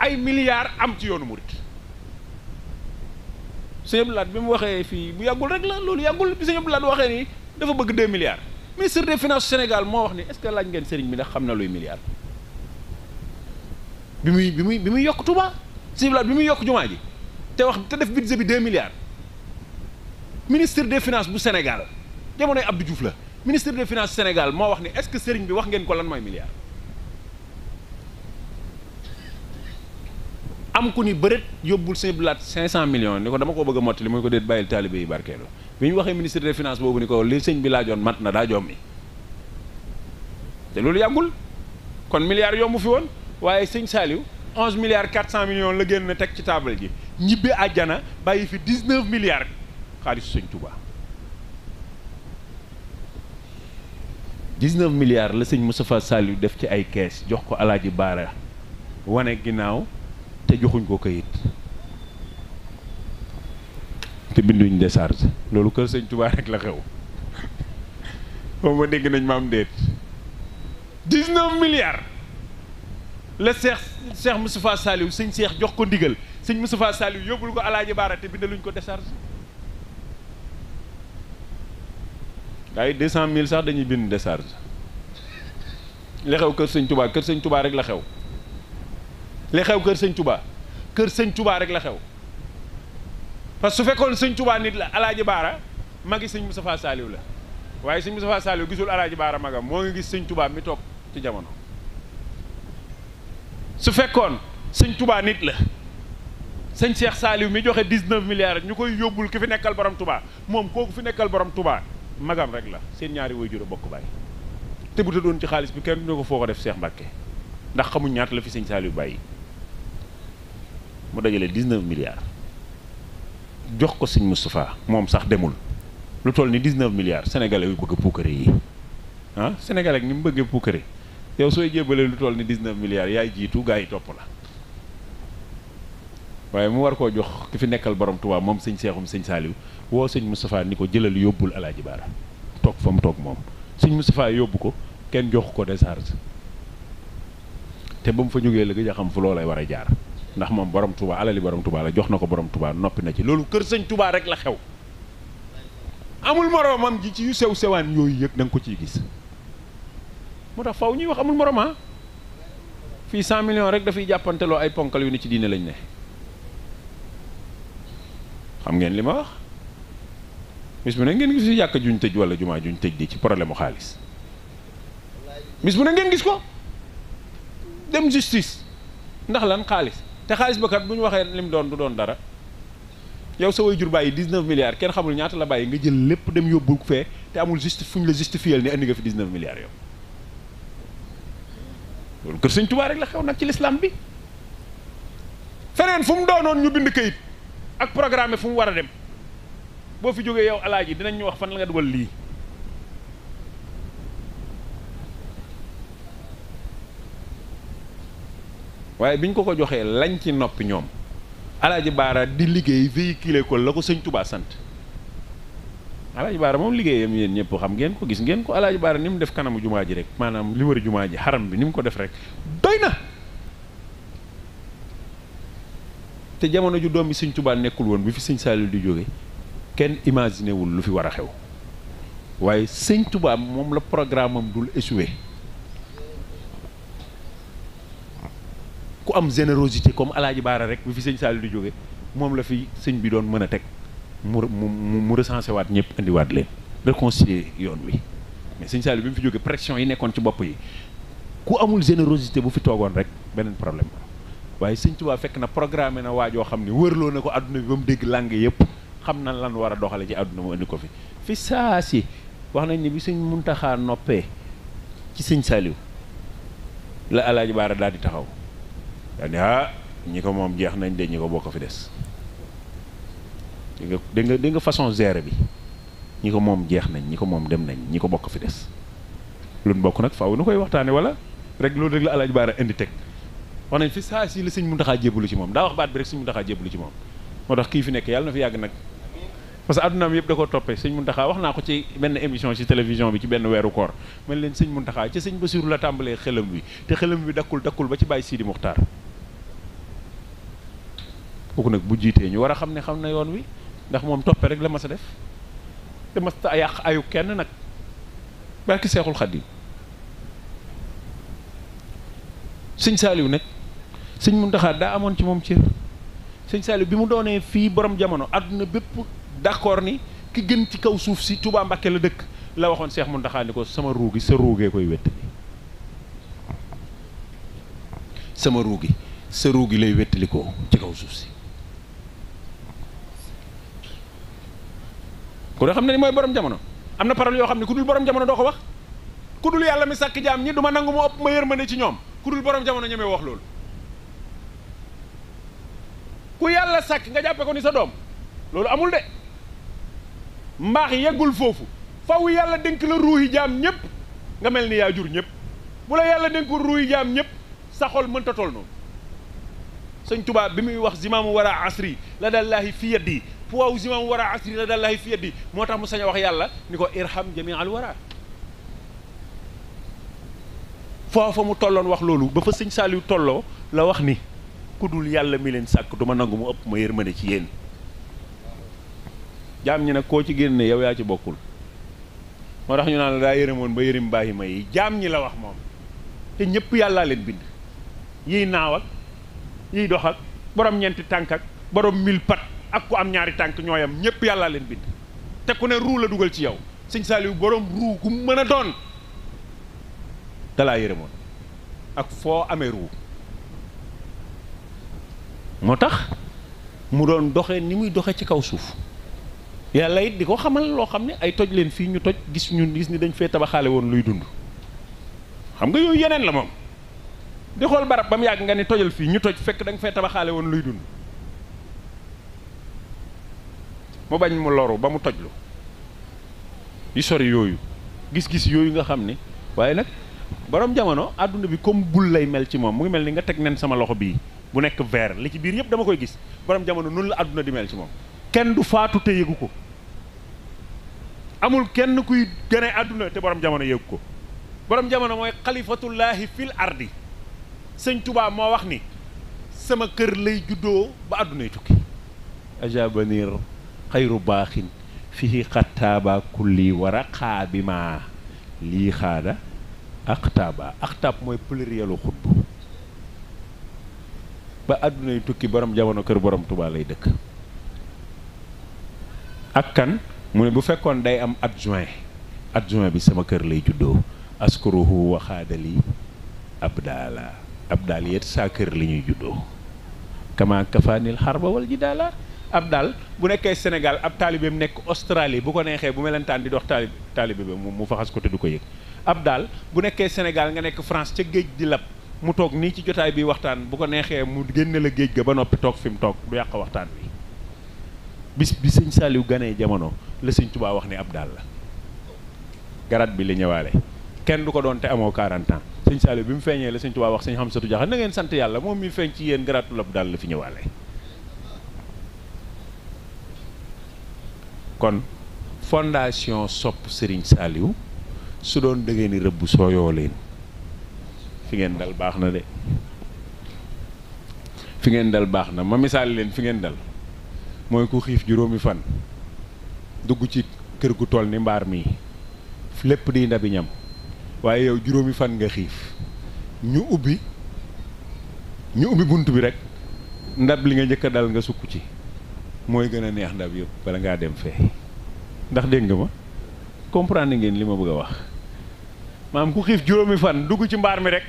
ay milliards am ci yoonu murit sëñ Abdou Lahad bi mu waxee fii bu yàggul rek la loolu yàggul bi sëñ Abdou Lahad waxee ni dafa bëgg deux milliards ministre des finances Sénégal moo wax ni est-ce que laaj ngeen sëriñ bi ndax xam na luy milliard bi muy bi muy bi muy yokk Touba si bi muy yokk jumaa ji te wax te def budget bi deux milliards ministre de finances bu Sénégal jamonoy Abdou Diouf la ministre des finances Sénégal moo wax ni est-ce que sëriñ bi wax ngeen ko lan mooy milliard am ku ni bëreet yóbbul sëñ Blaat 500 millions ni ko dama ko bëgg a mottali mu ko déet bàyyil taalibe barkeelu bi ñu waxee ministre des finances boobu ni ko li sëñ bi laajoon mat na daa jommi te loolu yàggul kon milliards yombu fi woon waaye sëñ Saliou 11 milliards 400 millions la génn teg ci table ji ñibbi àjjana bàyyi fi 19 milliards xaalisu sëñ Touba. 19 milliards la sëñ Moustapha Saliou def ci ay kees jox ko Alaaji Baara wane ginnaaw. te joxuñ ko kayit te binduñ décharge loolu kër sëñ Touba rek la xew moom ma dégg nañ maam déet 19 milliards la seex seex Moustapha Saliou sëñ seex jox ko ndigal sëñ Moustapha Saliou yóbbul ko alaaji Baara te bindaluñ ko décharge waaye 200 mille sax dañuy bind décharge la xew kër sëñ Touba kër sëñ Touba rek la xew li xew kër sëñ Touba kër sëñ tubaa rek la xew parce que su fekkoon sëñ tubaa nit la alaaji baara magi sëñ Moustapha saaliw la waaye sëñ Moustapha Saliou gisul alaaji baara magam moo ngi gis sañ tubaa mi toog ci jamono su fekkoon sëñ tubaa nit la sëñ Cheikh Saliou mi joxe 19 milliards ñu koy yóbbul ki fi nekkal borom tubaa moom kooku fi nekkal borom tubaa magam rek la seen ñaari waajur a bokk bàyyi te bu doon ci xaalis bi kenn du ko foo ko def Cheikh Mbacke ndax xamuñ ñaata la fi sëñ Saliou bàyyi. mu dajale 19 milliards jox ko sëñ Moustapha moom sax demul lu toll ni 19 milliards sénégalais yu bëgg puukare yi ah sénégalais ak ni mu bëggee puukare yow sooy jébalee lu toll ni 19 milliards yaay jiitu gaa yi topp la waaye mu war koo jox ki fi nekkal borom Tuubaa moom sëñ seexum sëñ saaliw woo sëñ Moustapha ni ko jëlal yóbbul alaaji baara toog fa mu toog moom sëñ Moustapha yóbbu ko kenn jox ko décharge te ba mu fa jógee léegi nga xam fu loo lay war a jaar ndax moom borom tubaa alali borom Touba la jox na ko borom Touba noppi na ci loolu kër sëñ Touba rek la xew amul moroomam ji ci yu sew sewaan yooyu yëg danga ko ciy gis moo tax faw ñuy wax amul moroom ah. fii 100 millions rek dafay jàppanteloo ay ponkal yu ne ci diine lañu ne xam ngeen li ma wax bis bu ne ngeen gis yàkk juñ tëj wala jumaa juñ tëj di ci problème xaalis bis mu ne ngeen gis ko dem justice ndax lan xaalis te xaalis ba bu ñu waxee lim doon du doon dara yow sa way jur bàyyi 19 milliards kenn xamul ñaata la bàyyi nga jël lépp dem yóbbu fee te amul juste fu ñu la justifier ni andi nga fi 19 milliards yow loolu kër Sëñ Tuubaa rek la xew nag ci lislaam bi feneen fu mu doonoon ñu bind kayit ak programme fu mu war a dem boo fi jógee yow alaaji dinañ ñu wax fan la nga dugal lii waaye bi ñu ko ko joxee lañ ci noppi ñoom alaaji baara di liggéey véhiculé ko la ko sëñ tubaa sant alaaji baara moom liggéeyam yéen ñëpp xam ngeen ko gis ngeen ko alaaji baara ni mu def kanamu jumaa ji rek maanaam li wër jumaa ji xaram bi ni mu ko def rek doy na te jamono ju doom bi sëñ tubaa nekkul woon bi fi sëñ Saliou di jóge kenn imaginé wul lu fi war a xew waaye sëñ tubaa moom la programme am dul échoué ku am générosité comme alaaji baara rek bi fi sëñ Saliou di jóge moom la fi sëñ bi doon mën a teg mu mu mu recensé waat ñëpp indiwaat leen réconcilier yoon wi mais sëñ Saliou bi mu fi jóge pression yi nekkoon ci bopp yi ku amul générosité bu fi toogoon rek beneen problème waaye sëñ Tuubaa fekk na programme na waa joo xam ne wërloo na ko àdduna bi ba mu dégg làng yëpp xam na lan war a doxale ci àdduna mu indi ko fi fi saa si wax nañ ni bi sëñ Muntaxaa noppee ci sëñ Saliou la alaaji baara daal di taxaw daal ne ah ñi ko moom jeex nañ de ñi ko bokk fi des di nga nga di nga façon gérer bi ñi ko moom jeex nañ ñi ko moom dem nañ ñi ko bokk fi des lu bokk nag faaw nu koy waxtaane wala rek loolu rek la alaaj baara indi teg wax nañ fi saa si la sëñ Muntaxa jébbalu ci moom daa wax baat bi rek sëñ Muntaxa jébbalu ci moom moo tax kii fi nekk yàlla na fi yàgg nag parce que addunaam yëpp da ko toppee sëñ Muntaxa wax naa ko ci benn émission ci télévision bi ci benn weeru koor man leen sëñ Muntaxa ci la tàmbalee xelam bi te xelam bi dakkul dakkul ba ci bàyyi Sidi Muxtaar kooku nag bu jiitee ñu war a xam ne xam na yoon wi ndax moom toppe rek la mas a def te mas yàq ayu kenn nag barki seexul xaddim sëñ saaliw nag sëñ Muntaxa daa amoon ci moom ci sëñ saaliw bi mu doonee fii borom jamono àdduna bépp d'accord ni ki gën ci kaw suuf si Tuubaa Mbàkke la dëkk la waxoon Seex Muntaxa ni ko sama ruugi sa ruugee koy wett sama ruugi sa ruugi lay wettalikoo ci kaw suuf si ku ne xam ne ni mooy borom jamono am na parole yoo xam ne ku dul borom jamono doo ko wax ku dul yàlla mi sàkk jaam ñi du ma nangu mu ëpp ma yërmande ci ñoom ku dul borom jamono ñemee wax loolu ku yàlla sàkk nga jàppe ko ni sa doom loolu amul de mbaax yeggul foofu faw yàlla dénk la ruuhi jaam ñëpp nga mel ni yaa jur ñëpp bu la yàlla dénkul ruuhi jaam ñëpp sa xol mënta toll noonu sëñ Tuubaa bi muy wax zimaamu wara asri la dallaahi fi di poids wu wara asri la dalahi fi yadi motax mu saña wax yalla niko irham jami'al wara fofu mu tollon wax lolu ba fa seigne saliw tollo la wax ni kudul yalla mi len sak duma nangum mu upp ma yermane ci yeen jam ñi nak ko ci genné yow ya ci bokul motax ñu naan da yeremon ba yerim bahi may jam ñi la wax mom te ñepp yalla len bind yi nawak, yi doxak borom ñent tankak borom mil pat ak ku am ñaari tànk ñooyam ñépp yàllaa leen bind te ku ne ruu la dugal ci yow sëñ Saaliw borom ruu ku mën a doon dalaa yërëmoon ak foo amee ruu moo tax mu doon doxe ni muy doxe ci kaw suuf yàlla it di ko xamal loo xam ni ay toj leen fii ñu toj gis ñun gis ni dañ fee tabaxaale woon luy dund xam nga yooyu yeneen la moom di xool barab ba mu yàgg nga ni tojal fii ñu toj fekk dañu fay tabaxaale woon luy dund mu bañ mu loru ba mu tojlu yu sori yooyu gis-gis yooyu nga xam ni waaye nag boroom jamono àdduna bi comme bul lay mel ci moom mu ngi mel ni nga teg nen sama loxo bii bu nekk verre li ci biir yëpp dama koy gis borom jamono noonu la àdduna di mel ci moom kenn du faatu te yëgu ko amul kenn kuy gane àdduna te borom jamono yëgu ko boroom jamono mooy xalifatullaahi fil ardi sëñ Tuubaa moo wax ni sama kër lay juddoo ba àddunay tukki ajabanir khairu bakhin fihi qattaba kulli waraqa bima, li khada aqtaba aqtab moy plurielu khutbu ba aduna tukki borom jamono keur borom tuba lay dekk ak kan mu bu fekkon day am adjoint adjoint bi sama keur lay juddo askuruhu wa khadali abdala abdaliyat sa kër lañuy juddo kama kafanil harba wal jidala ab daal bu nekkee Sénégal ab taalibeem nekk Australie bu ko neexee bu melentaan di dox taali taalibe bi mu faxas ko te du ko yëg ab daal bu nekkee Sénégal nga nekk France ca géej di lab mu toog nii ci jotaay bi waxtaan bu ko neexee mu génne la géej ga ba noppi toog fi mu toog du yàq waxtaan bi bis bi sëñ Saaliw ganee jamono la sëñ Tuubaa wax ne ab daal la garat bi li ñëwaale kenn du ko doon te amoo 40 ans sëñ Saaliw bi mu feeñee la sëñ Tuubaa wax sëñ Xamsatu Jaxate na ngeen sant yàlla moom mi ci yéen garatu lab daal la fi ñëwaale kon fondation sop Serigne Saliou su doon dëggee ni rëbb sooyoo len fi ngeen dal baax na de fi ngeen dal baax na ma misal len fi ngeen dal moy ku xif juromi fan dugg ci keur gu toll ni mbar mi lepp di ndabi ñam waye yow juromi fan nga xif ñu ubi ñu ubi buntu bi rek ndab li nga jëk dal nga sukku ci mooy gën a neex ndab yëpp bala ngaa dem fee ndax dégg nga ma comprendre ngeen li ma bëgg a wax maam ku xiif juróomi fan dugg ci mbaar mi rek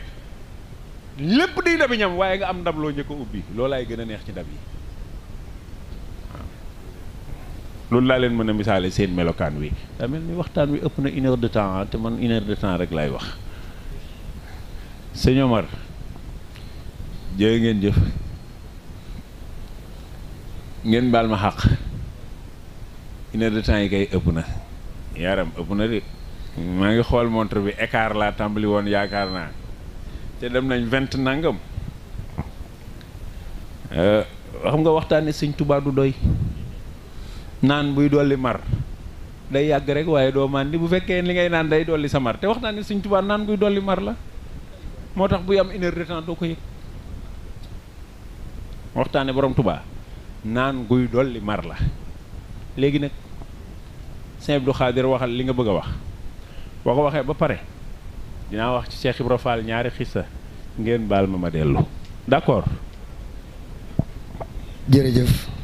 lépp di ndabi ñam waaye nga am ndab loo njëkk a ubbi loolaay gën a neex ci ndab yi loolu laa leen mën a misaale seen melokaan wi daa mel ni waxtaan wi ëpp na une de temps te man une de temps rek laay wax sëñ Omar jërë ngeen jëf ngeen baal ma xàq une yi kay ëpp na yaaram ëpp na de maa ngi xool montre bi écart laa tàmbali woon yaakaar naa te dem nañ vent nangam euh, xam nga waxtaane sëñ tubaa du doy naan buy dolli mar day yàgg rek waaye doo màndi bu fekkee li ngay naan day dolli sa mar te waxtaane sëñ Tuubaa naan buy dolli mar la moo tax buy am une heure doo ko yëg waxtaane borom Tuubaa naan guy dolli mar la léegi nag sëñ Abdou Khadir waxal li nga bëgg a wax boo ko waxee ba pare dinaa wax ci Cheikh Ibra Fall ñaari xisa ngeen baal ma ma dellu d'accord jërëjëf